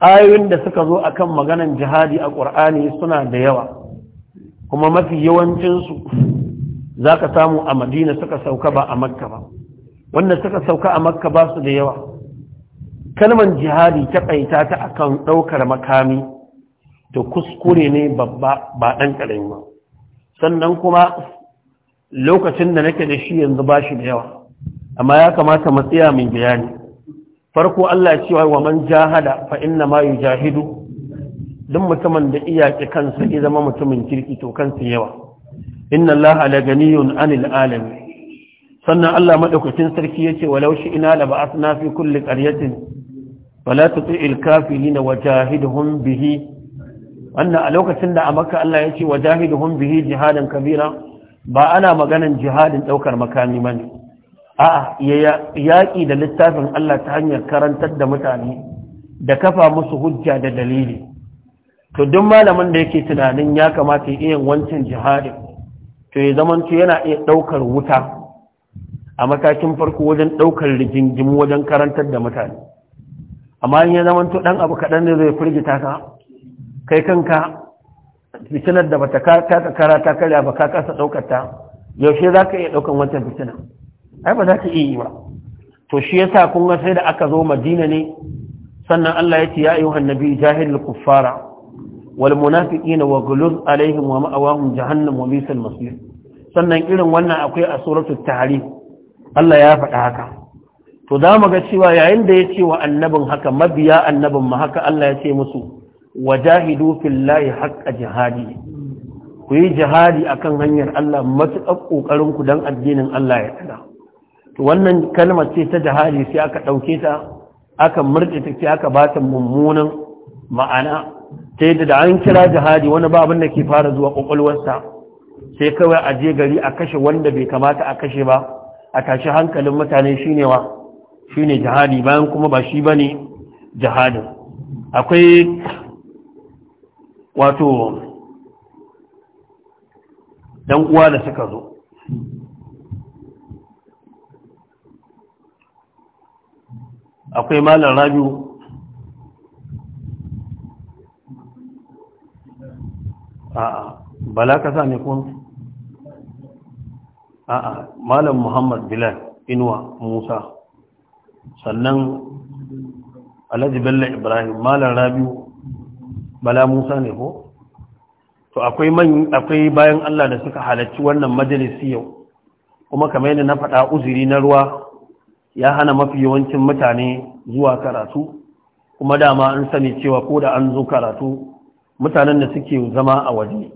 ayoyin da suka zo a kan maganan jihadi a Qur'ani suna da yawa kuma mafi yawancinsu. su zaka samu a Madina suka sauka ba a Makka ba wanda suka sauka a Makka ba su da yawa kalman jihadi ta kaita ta akan ɗaukar makami to kuskure ne babba ba ɗan ƙarin ba sannan kuma lokacin da nake da shi yanzu ba shi da yawa amma ya kamata matsaya mai bayani farko Allah cewa wa man jahada fa inna ma yujahidu duk mutumin da iya iyaki kansa ya zama mutumin kirki to kansa yawa inna Allah la ganiyun anil alami. sannan Allah madaukakin sarki yace walau shi ina la ba'athna fi kulle qaryatin tuti al kafirin wajahidhum bihi wannan a lokacin da a makka Allah ya ce wajahidhum bihi jihadan kabira ba ana maganan jihadin daukar makami bane a'a yaki da littafin Allah ta hanyar karantar da mutane da kafa musu hujja da dalili to duk malamin da yake tunanin ya kamata ya yi wancan jihadin to ya zaman zamanto yana iya ɗaukar wuta a matakin farko wajen ɗaukar rigingimu wajen karantar da mutane amma in ya zamanto ɗan abu kaɗan ne zai firgita ka kai kanka fitinar da bata ka kara ta karya ba ka kasa ɗaukar ta yaushe za ka iya ɗaukan wancan fitina ai ba za ka iya yi ba to shi yasa kun ga sai da aka zo madina ne sannan Allah ya ce ya ayyuhan nabi jahilul kuffara wal munafiqina wa ghuluz alaihim wa ma'awahum jahannam wa bisal masir sannan irin wannan akwai a suratul tahrim Allah ya faɗa haka to za mu ga cewa yayin da ya ce wa annabin haka mabiya annabin ma haka Allah ya ce musu wajahidu fillahi haqqa jihadi ku yi jihadi akan hanyar Allah matuƙar ƙoƙarin ku dan addinin Allah ya tsada to wannan kalmar ce ta jihadi sai aka ɗauke ta aka murɗe ta sai aka bata mummunan ma'ana ta yadda da an kira jihadi wani ba abin da ke fara zuwa ƙwaƙwalwarsa sai kawai a je gari a kashe wanda bai kamata a kashe ba a tashi hankalin mutane shine wa shine jihadi bayan kuma ba shi bane jihadin akwai wato dan uwa da suka zo akwai malam rabiu a'a bala ka sa ne kun a'a malam muhammad bilal inuwa musa sannan alhaji bello ibrahim malam rabiu bala musa ne ko to akwai akwai bayan allah da suka halarci wannan majalisi yau kuma kamar yadda na faɗa uzuri na ruwa ya hana mafi yawancin mutane zuwa karatu kuma dama an sani cewa ko da an zo karatu mutanen da suke zama a waje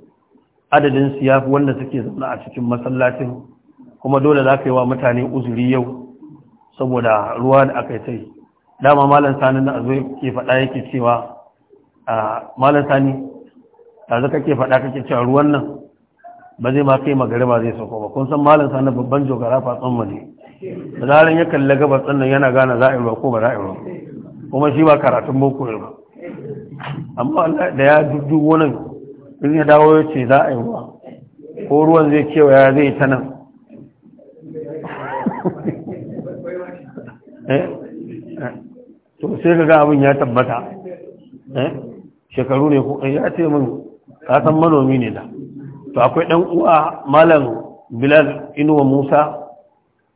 adadin siyafi wanda suke zaune a cikin masallacin kuma dole za ka yi wa mutane uzuri yau saboda ruwa da aka yi sai dama malam sani na azo ke faɗa yake cewa malam sani ta zaka ke faɗa kake cewa ruwan nan ba zai ma kai magari ba zai sauko ba kun san malam sani babban jogara fatsan waje da zaran ya kalli gabas ɗin nan yana gane za a yi ruwa ko ba za a yi ruwa kuma shi ba karatun boko ne ba amma da ya duddu wannan in ya dawo ya ce za a yi ruwa ko ruwan zai cewa ya zai ta nan Eh? Eh? to sai ka ga abin ya tabbata eh? shekaru ne ko ya ce min kasan manomi ne da to akwai ɗan uwa malam bilal inuwa musa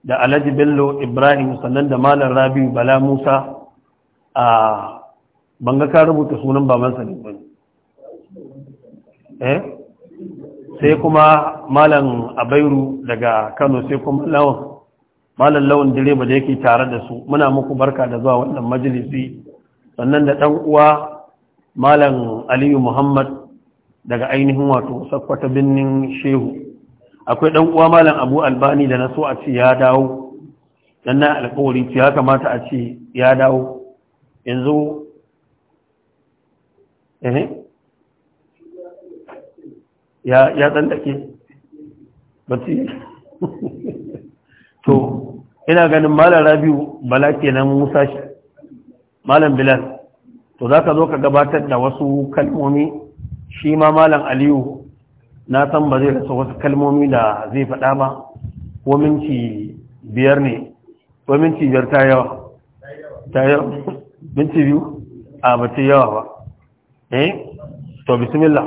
da alhaji bello ibrahim sannan da malam rabi bala musa a banga ka rubuta sunan babansa ne eh sai kuma malam abairu daga kano sai kuma lawan malam lawan direba da yake tare da su muna muku barka da zuwa wannan majalisi sannan da ɗan uwa malam aliyu muhammad daga ainihin wato sakwata birnin shehu akwai ɗan uwa malam abu albani da na so a ce ya dawo dan na alkawari ya kamata a ce ya dawo yanzu eh ya ya tsandake bati [LAUGHS] to ina ganin malam rabiu bala kenan musa shi malam bilal to za ka zo ka gabatar da wasu kalmomi shi ma malam aliyu na san ba zai rasa wasu kalmomi da zai faɗa ba ko minci biyar ne ko minci biyar ta yawa ta yawa [LAUGHS] minci biyu a ba yawa ba eh to bismillah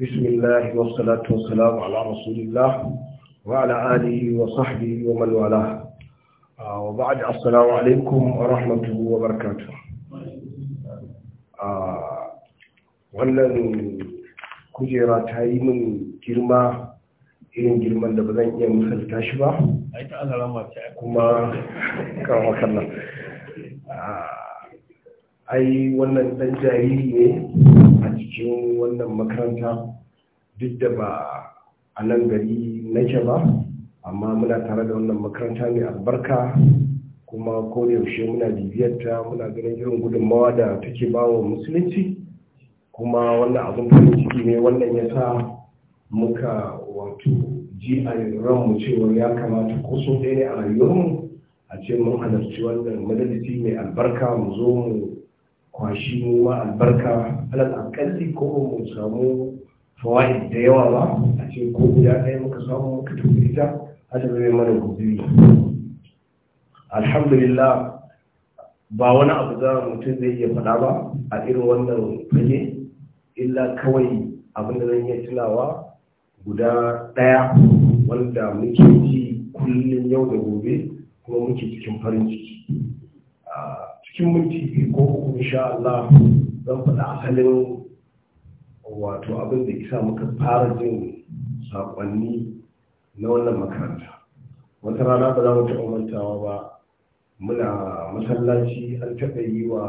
بسم الله والصلاة والسلام على رسول الله وعلى آله وصحبه ومن والاه وبعد السلام عليكم ورحمة الله وبركاته wannan kujera ta yi min girma irin girman da ba zan iya misalta shi ba kuma kan wakannan ah, ai wannan dan jariri ne a cikin wannan makaranta duk da ba a nan gari nake ba amma muna tare da wannan makaranta mai albarka kuma ko yaushe muna bibiyarta muna ganin irin gudunmawa da take ba wa musulunci kuma wannan abin farin ciki ne wannan ya sa muka wato ji a mu cewa ya kamata ko sun ɗaya ne a rayuwarmu a ce mun halarci wannan majalisi mai albarka mu zo mu kwashi noma albarka alal akalli ko mu samu fawaid da yawa ba a ce ko guda ɗaya muka samu muka tafi ita haka zai mana gobe alhamdulillah ba wani abu za mutum zai iya faɗa ba a irin wannan fage illa kawai abin da zan iya tunawa guda ɗaya wanda muke ji kullum yau da gobe kuma muke cikin farin ciki ah, cikin minti biyu ko kuma insha Allah zan faɗa asalin wato abin da isa muka fara jin saƙonni na wannan makaranta wata rana ba za mu taɓa mantawa ba muna masallaci an taɓa yi wa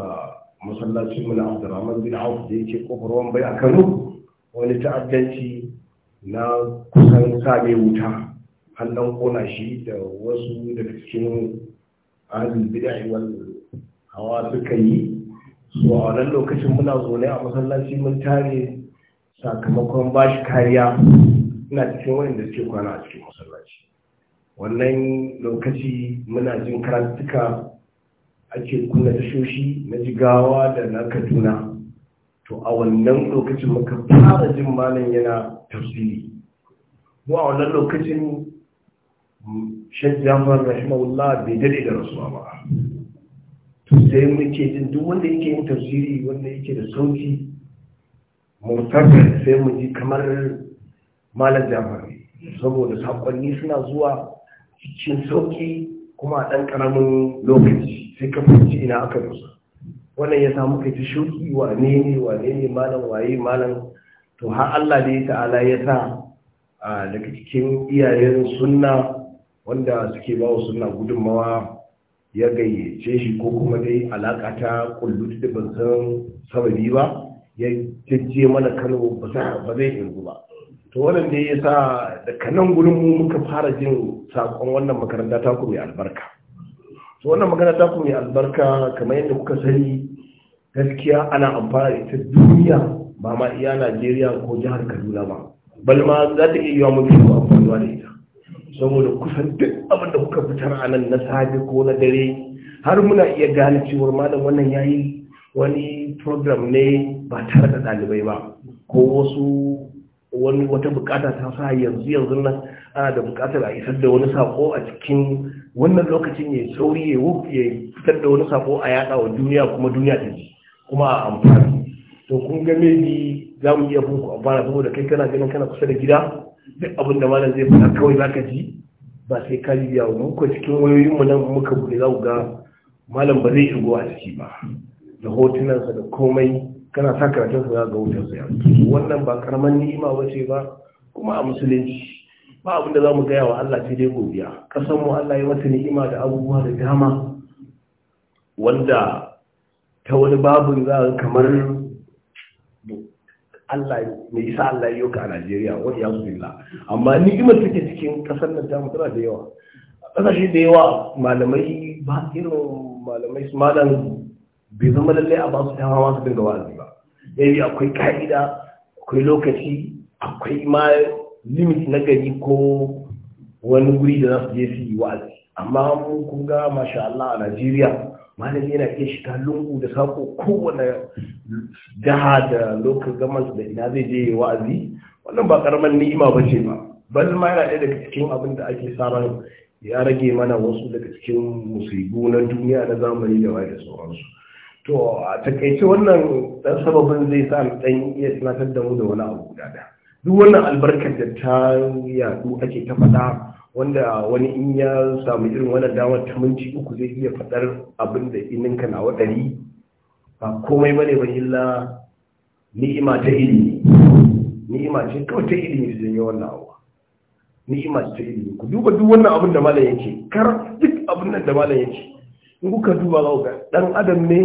masallacin muna abdurrahman bin auf da yake kofar wambai a kano wani ta'addanci na kusan same wuta an ɗan ƙona shi da wasu daga cikin ahalin bida'i hawa suka yi su a lokacin muna zaune a masallaci mun tare sakamakon ba shi kariya ina cikin wanda suke kwana a cikin masallaci wannan lokaci muna jin karantuka ake kunna tashoshi na jigawa da na kaduna to a wannan lokacin muka fara jin malam yana tafsiri mu a wannan lokacin shajjafar rahimahullah bai dade da rasuwa ba to sai muke jin duk wanda yake yin tafsiri wanda yake da sauki murtar sai mu ji kamar malam jafar saboda saƙonni suna zuwa cikin sauƙi kuma a ɗan ƙaramin lokaci sai ka fahimci ina aka dosa wannan ya samu kai ta shoki wa ne ne wa ne ne malam waye malam to har Allah da ya ta'ala ya sa daga cikin iyayen sunna wanda suke ba wa sunna gudunmawa ya gayyace shi ko kuma dai alaka ta kullu da ban sababi ba ya jajje mana kano ba zai yanzu ba to wannan dai ya sa da kanan gurin mu muka fara jin sakon wannan makaranta ta ku mai albarka to wannan makaranta ta ku albarka kamar yadda kuka sani gaskiya ana amfana da ita duniya ba ma iya najeriya ko jihar kaduna ba balma za ta iya yiwa mafi amfanuwa da ita saboda kusan duk abin da kuka fitar a nan na safe ko na dare har muna iya gane cewar malam wannan yayi wani program ne ba tare da ɗalibai ba ko wasu wani wata bukata ta sa yanzu yanzu nan ana da bukatar a isar da wani sako a cikin wannan lokacin ya sauri ya ya fitar da wani sako a yada wa duniya kuma duniya ta ji kuma a amfani to kun ga maybe za mu iya a bana saboda kai kana ganin kana kusa da gida duk abin da malam zai fara kawai za ka ji ba sai ka biya wa ko cikin wayoyinmu nan muka bude za ku ga malam ba zai shigo a ciki ba da hotunansa da komai kana sa karatunsa za ga wutar sa wannan ba karaman ni'ima ba ce ba kuma a musulunci ba abin da za mu gaya wa Allah sai dai godiya mu Allah ya mata ni'ima da abubuwa da dama wanda ta wani babu za kamar Allah mai isa Allah yau ka a Najeriya wani ya su illa amma ni ima suke cikin kasar nan ta tana da yawa kasashe da yawa malamai ba irin malamai su malam bai zama lalle a ba su ta hawa su dinga wa'azi ba yayi akwai ka'ida akwai lokaci akwai ma limit na gari ko wani guri da za su je su yi wa'azi amma mun kun ga masha Allah a Najeriya malami yana iya shiga lungu da sako kowane jaha da local government da ina zai je wa'azi wannan ba karamar ni'ima ba ce ba bal ma yana ɗaya daga cikin abin da ake sa ya rage mana wasu daga cikin musibu na duniya na zamani da waye da sauransu to a takaice wannan dan sababin zai sa mu dan iya tunatar da mu da wani abu guda da duk wannan albarkar da ta yadu ake ta faɗa wanda wani in ya samu irin wannan damar ta minci uku zai iya faɗar abin da ininka na waɗari ba komai bane ba illa ni'ima ta ilimi ni'ima ce kawai ta ilimi zai yi wannan abu ni'ima ta ilimi ku duba duk wannan abin da malam yake kar duk abin nan da malam yake in kuka duba za ku ga dan adam ne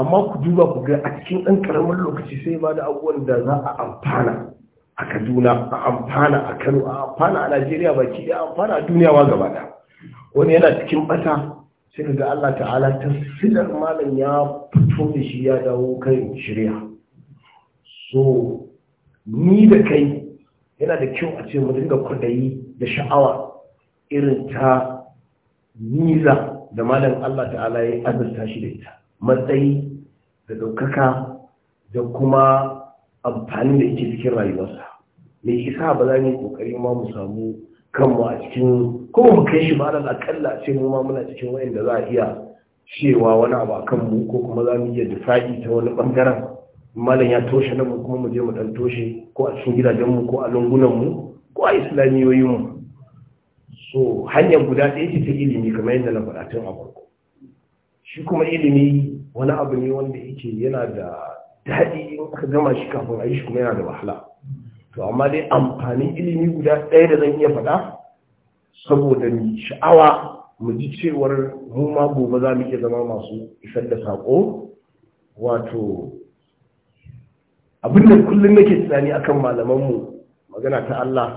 amma ku duba ku ga a cikin ɗan ƙaramin lokaci sai ba da abubuwan da za a amfana a kaduna a amfana a kano a amfana a najeriya baki a amfana a duniya ba gaba da wani yana cikin bata sai ga allah ta'ala ta sidar malam ya fito da shi ya dawo kan shirya so ni da kai yana da kyau a ce mu dinga kwadayi da sha'awa irin ta niza da malam allah ta'ala ya azurta shi da ita matsayi da ɗaukaka da kuma amfani da yake cikin rayuwarsa me isa ba za mu yi kokari ma mu samu kanmu a cikin kuma mu kai shi ba da akalla ce mu ma muna cikin wanda za a iya cewa wani abu a kanmu ko kuma za mu iya difa'i ta wani bangaren malam ya toshe na mu kuma mu je mu dan toshe ko a cikin gidajenmu ko a lungunanmu ko a islamiyoyinmu so hanyar guda ɗaya ce ta ilimi kamar yadda na faɗa tun a farko shi kuma ilimi wani abu ne wanda yake yana da daɗi in aka gama shi kafin a yi shi kuma yana da wahala to amma dai amfanin ilimi guda ɗaya da zan iya faɗa saboda ni sha'awa mu ji cewar mu ma gobe za mu iya zama masu isar da saƙo wato abinda kullum nake tunani akan malaman mu magana ta Allah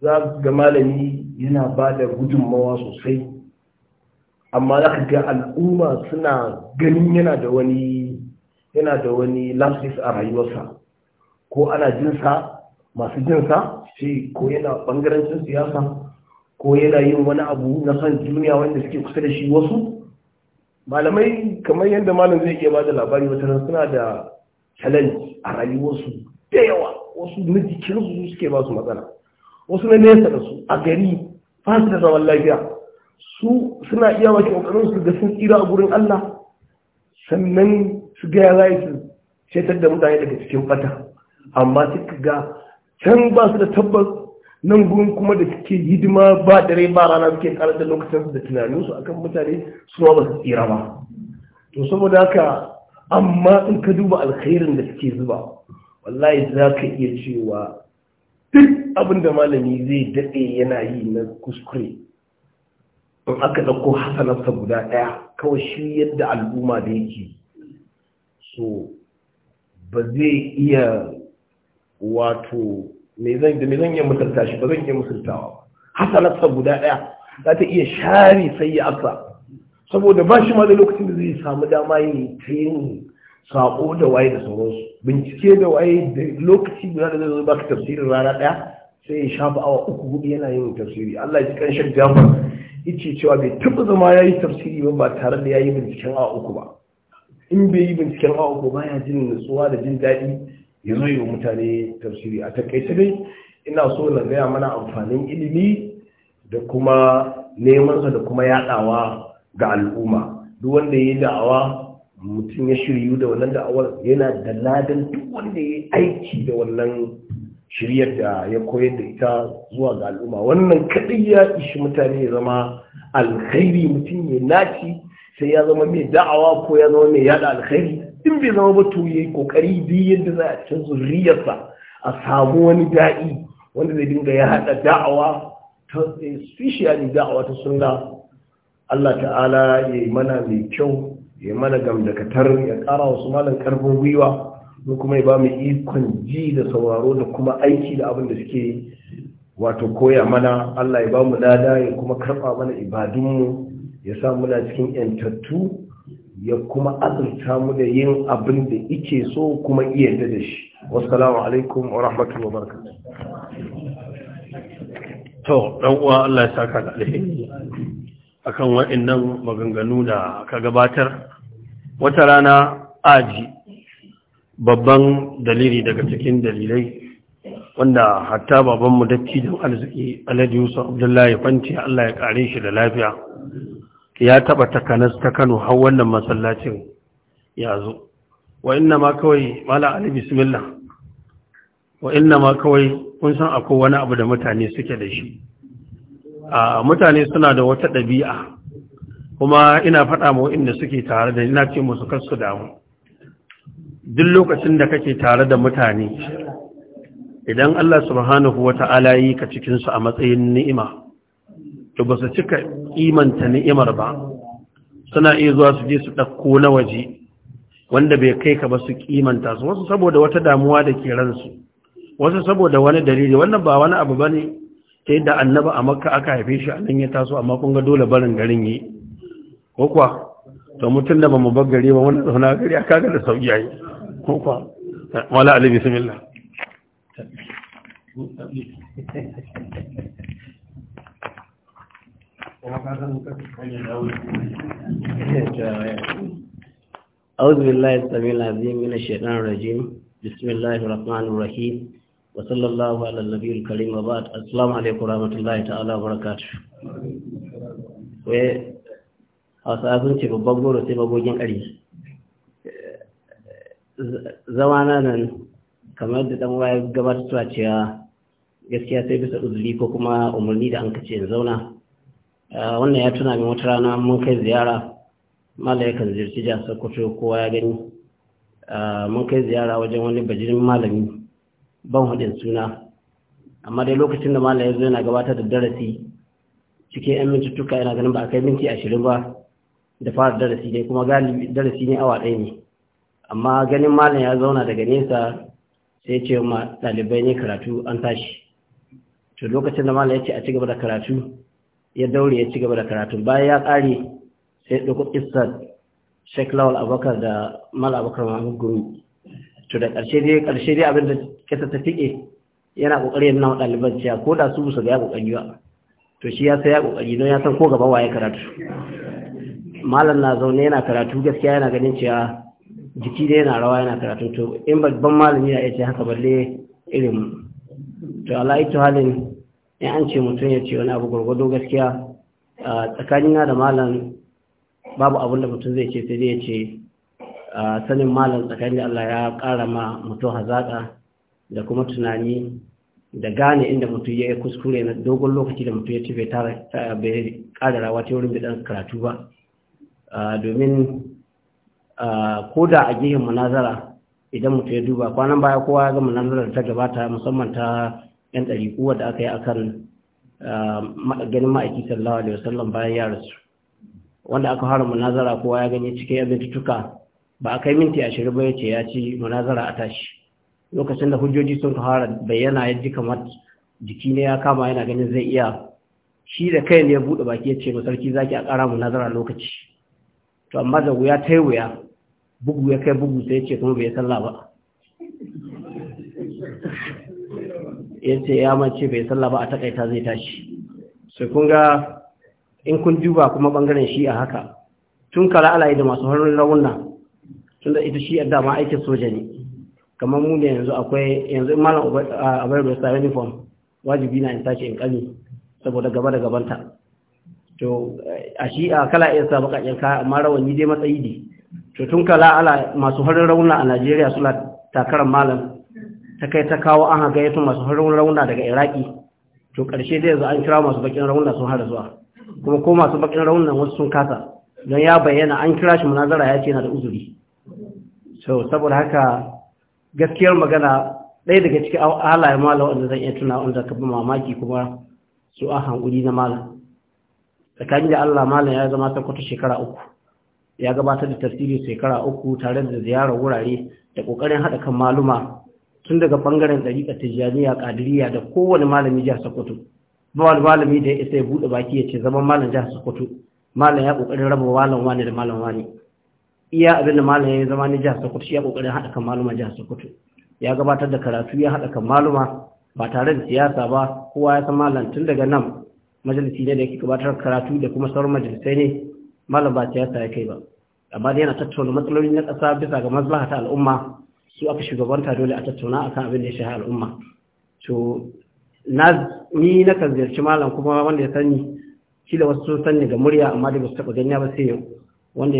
za ga malami yana ba da gudunmawa sosai amma za ka ga al'umma suna ganin yana da wani yana da wani lapsis a rayuwarsa ko ana jinsa masu jinsa shi ko yana bangarancin siyasa ko yana yin wani abu na san duniya wanda suke kusa da shi wasu malamai kamar yadda malam zai iya bada labari wata suna da challenge a rayuwarsu da yawa wasu na jikinsu suke ba su matsala wasu na nesa da su a gari fas da zaman lafiya su suna iya wa kokarin su ga sun tsira a gurin Allah sannan su gaya za su shaitar da mutane daga cikin fata amma suka ga can ba su da tabbas nan gurin kuma da suke hidima ba dare ba rana suke karar da lokacinsu da su akan mutane su ma ba su tsira ba to saboda haka amma in ka duba alkhairin da suke zuba wallahi za ka iya cewa duk abin da malami zai daɗe yana yi na kuskure in aka ɗauko hasanarsa guda ɗaya kawai shi yadda al'umma da yake so ba zai iya wato me zan iya musulta shi ba zan iya musultawa ba hasanarsa guda ɗaya za ta iya share sai ya asa saboda ba shi ma lokacin da zai samu dama yi ta yin sako da waye da sauransu bincike da waye da lokaci guda da zai baka tafsirin rana ɗaya sai ya shafa awa uku hudu yana yin tafsiri Allah ya ci kan shan jafar ice cewa bai taɓa zama ya yi tafsiri ba ba tare da ya yi binciken awa uku ba in bai yi binciken awa ko baya jin nutsuwa da jin daɗi ya zo yi wa mutane tafsiri a takaice dai ina so na gaya mana amfanin ilimi da kuma nemansa da kuma yaɗawa ga al'umma duk wanda ya yi da'awa mutum ya shiryu da wannan da'awar yana da ladan duk wanda ya aiki da wannan shiryar da ya koyar da ita zuwa ga al'umma wannan kaɗai ya ishi mutane ya zama alkhairi mutum ya naci sai ya zama mai da'awa ko ya zama mai yada alkhairi in bai zama ba to yayi kokari bi yadda za a cikin zuriyarsa a samu wani da'i wanda zai dinga ya hada da'awa ta especially da'awa ta sunna Allah ta'ala ya yi mana mai kyau ya yi mana gamdakatar ya kara wasu malan karfin gwiwa mu kuma ya ba mu ikon ji da sauraro da kuma aiki da abin da suke wato koya mana Allah ya ba mu dada ya kuma karɓa mana ibadunmu ya sa muna cikin yantattu ya kuma azurta mu da yin abin da ike so kuma iya da shi wassalamu alaikum wa rahmatullahi wa barka. to dan uwa Allah ya sa saka da alheri akan nan maganganu da ka gabatar wata rana aji babban dalili daga cikin dalilai wanda hatta babanmu dattijan arziki alhaji yusuf abdullahi fanci allah ya ƙare shi da lafiya ya taba takanas ta Kano har wannan masallacin ya zo wa inna ma kawai mala ali bismillah wa inna ma kawai kun san akwai wani abu da mutane suke da shi a mutane suna da wata ɗabi'a kuma ina faɗa mu inda suke tare da ina ce musu kasu damu duk lokacin da kake tare da mutane idan Allah subhanahu wata'ala yi ka cikin su a matsayin ni'ima to ba su cika imanta ni'imar ba suna iya zuwa su je su ɗakko na waje wanda bai kai ka ba su kimanta su wasu saboda wata damuwa da ke ransu wasu saboda wani dalili wannan ba wani abu ba ne. ta yadda annaba a makka aka haife shi a nan ya taso amma kun ga dole barin garin yi ko kuwa to mutum da ba mu bar gari ba wani zauna gari a kaga da sauki yayi ko kuwa wala alibi bismillah أعوذ بالله السميع العظيم من الشيطان الرجيم بسم الله الرحمن الرحيم وصلى الله على النبي الكريم وبعد السلام عليكم ورحمة الله تعالى وبركاته hausa sun ce babban goro sai magogin ƙari zamana nan kamar da ɗan waya gabatar cewa gaskiya sai bisa uzuri ko kuma umarni da an kace in zauna Ah, wannan ya tuna min wata rana mun kai ziyara malayakan zirci ziyarci jihar sokoto kowa ya gani ah, mun kai ziyara wajen wani bajirin malami ban hudin suna amma dai lokacin da mala ya zo yana gabatar da darasi cikin yan mintuttuka yana ganin ba a kai minti ashirin ba da fara darasi dai kuma galibi darasi ne awa ɗaya ne amma ganin malam ya zauna daga nesa sai ce ma ɗalibai ne karatu an tashi to lokacin da malam ya ce a ci gaba da karatu ya daure ya ci gaba da karatu. bayan ya kare sai ɗauko ƙistar Sheikh Lawal Abubakar da Mal Abubakar Mahmud Gumi to da ƙarshe dai ƙarshe dai abin da ta fiƙe yana ƙoƙari yana wa ɗaliban cewa ko da su musu ga ya kokari ba to shi ya sai ya ƙoƙari don ya san ko gaba waye karatu malam na zaune yana karatu gaskiya yana ganin cewa jiki dai yana rawa yana karatu to in babban malami ya ce haka balle irin to ala to halin in an ce mutum ya ce wani abu gwargwado gaskiya tsakanina da malam babu abin da mutum zai ce sai dai ya ce sanin malam tsakanin Allah ya ƙara ma mutum hazaƙa da kuma tunani da gane inda mutum ya yi kuskure na dogon lokaci da mutum ya ci bai ƙara rawa ta wurin bidan karatu ba domin ko da a gihin munazara idan mutum ya duba kwanan baya kowa ya ga munazara da ta gabata musamman ta yan ɗari kuwa da aka yi a kan um, ganin ma'aiki sallawa da wasallam bayan ya rasu wanda aka fara munazara kowa ya gani cikin yan tutuka ba a kai minti ashirin ba ya ce ya ci munazara a tashi lokacin da hujjoji sun fara bayyana ya ji kamar jiki ne ya kama yana ganin zai iya shi da kai ne ya buɗe baki ya ce ma masarki zaki a ƙara munazara lokaci to amma da wuya ta yi wuya bugu ya kai bugu sai ya ce kuma bai sallah ba ya ce ya mace bai sallah ba a takaita zai tashi sai kun ga in kun duba kuma bangaren shi a haka tun kara alayi da masu harin raunna tun da ita shi a dama aikin soja ne kamar mu ne yanzu akwai yanzu malam abai bai sa uniform wajibi na in tashi in kani saboda gaba da gabanta to a shi a kala iya sa bakakken ka amma rawani dai matsayi ne to tun kala ala masu harin raunna a najeriya suna takarar malam ta kai ta kawo an haga yato masu harin rauna daga iraki to karshe zai yanzu an kira masu bakin rauna sun hada zuwa kuma ko masu bakin rauna wasu sun kasa don ya bayyana an kira shi munazara ya ce na da uzuri so saboda haka gaskiyar magana ɗaya daga ciki halayen malam wanda zan iya tuna wanda ka bi mamaki kuma su a hankuli na malam tsakanin da allah malam ya zama ta kwata shekara uku ya gabatar da tasiri shekara uku tare da ziyarar wurare da ƙoƙarin haɗa kan maluma tun daga bangaren dariƙa tijjaniya ƙadiriya da kowane malami jihar sokoto ba wani malami da ya isa ya buɗe baki ya ce zaman malam jihar sokoto malam ya ƙoƙarin raba malam wani da malam wani iya abin da malam ya yi zama ne jihar sokoto shi ya ƙoƙarin haɗa kan maluma jihar sokoto ya gabatar da karatu ya haɗa kan maluma ba tare da siyasa ba kowa ya san malam tun daga nan majalisi ne da yake gabatar da karatu da kuma sauran majalisai ne malam ba siyasa ya kai ba amma dai yana tattauna matsaloli na ƙasa bisa ga maslaha ta al'umma su aka shugabanta dole a tattauna akan abin da ya shahi al'umma to na ni na kan ziyarci malam kuma wanda ya sani shi da wasu sun sani ga murya amma da ba su taɓa ganya ba sai yau wanda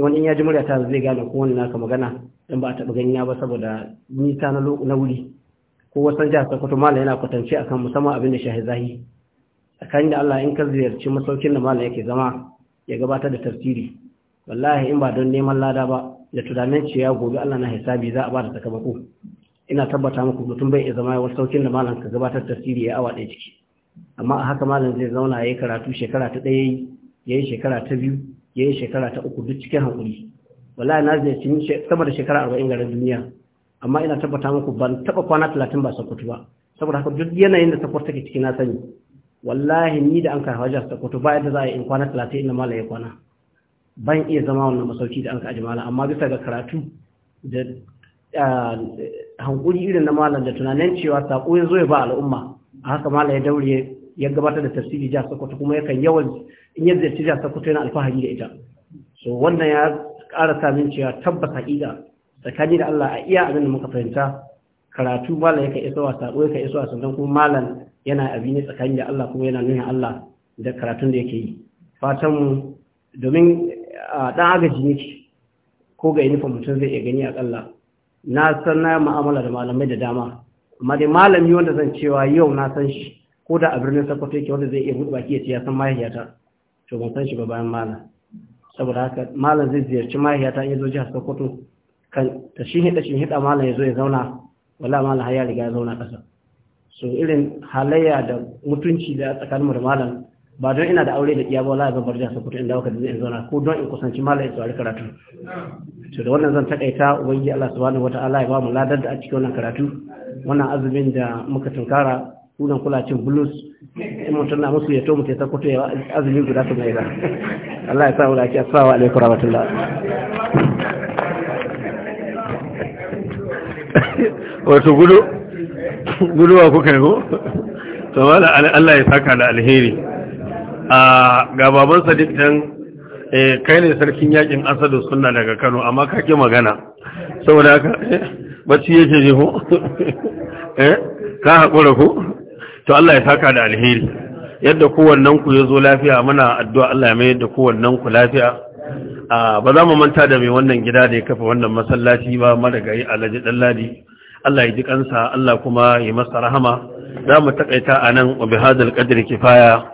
wani ya ji murya ta zai gane ko wani naka magana dan ba a taɓa ganya ba saboda nisa na na wuri ko wasan jihar Sokoto malam yana kwatance akan musamman abin da shahi zahi tsakanin da Allah in ka ziyarci masaukin da malam yake zama ya gabatar da tafsiri wallahi in ba don neman lada ba da tunanin cewa gobe Allah na hisabi za a ba da sakamako ina tabbata muku mutum bai iya zama wasu saukin da malam ka gabatar tasiri ya awa ɗaya ciki amma a haka malam zai zauna ya yi karatu shekara ta ɗaya ya yi shekara ta biyu ya yi shekara ta uku duk cikin hankuli wallahi na zai cin sama da shekara arba'in garin duniya amma ina tabbata muku ban taɓa kwana talatin ba sokoto ba saboda haka duk yanayin da sokoto take ciki na sani wallahi ni da an karfa hajjar sokoto ba yadda za a yi in kwana talatin ina malam ya kwana ban iya zama wannan masauki da an ka ajimala amma bisa ga karatu da hankuri irin na malam da tunanin cewa sako ya zo ya ba al'umma a haka mala ya daure ya gabatar da tafsiri jihar sokoto kuma yakan yawan in yadda ci jihar sokoto yana alfahari da ita so wannan ya ƙara samun cewa tabbas haƙiƙa tsakani da allah a iya abin da muka fahimta karatu mala ya ka iso a sako ka iso a sannan kuma malam yana abi ne tsakani da allah kuma yana nuna allah da karatun da yake yi fatan domin dan agaji ne shi ko ga inifin mutum zai iya gani kalla na san na ma'amala da malamai da dama amma dai malami wanda zan cewa yau na san shi ko da a birnin sakwato yake wanda zai iya buɗe baki ya ce ya san mahaifiyata to ban san shi ba bayan malam saboda haka malam zai ziyarci mahaifiyata in ya zo jihar sokoto kan ta shi hida shi hida malam ya zo ya zauna wala malam har ya riga ya zauna ƙasa so irin halayya da mutunci da tsakaninmu da malam ba don ina da aure da iya la ga barja su kuta inda da zai zauna ko don in kusanci su tsari karatu to da wannan zan takaita ubangi Allah subhanahu wata'ala ya ba mu ladar da a cikin wannan karatu wannan azumin da muka tunkara kunan kulacin blues in mutum na musu ya to mutum ta kuta ya azumi guda su mai Allah ya sa mu lafiya assalamu alaikum rahmatullah wato gudu gudu wa kuka yi ko? to wala Allah ya saka da alheri a gababan sadiq eh, kai ne sarkin yakin asadu suna daga kano amma ka magana saboda haka eh, bacci yake ne [LAUGHS] eh, ka hakura ku? to Allah ya saka da alheri yadda kowannen ku yazo lafiya muna addu'a Allah ya mai da kowannen ku lafiya ba za mu manta da mai wannan gida da ya kafa wannan masallaci ba madagayi alhaji dalladi Allah ya ji kansa Allah kuma ya masa rahama za mu takaita anan wa bihadal qadri kifaya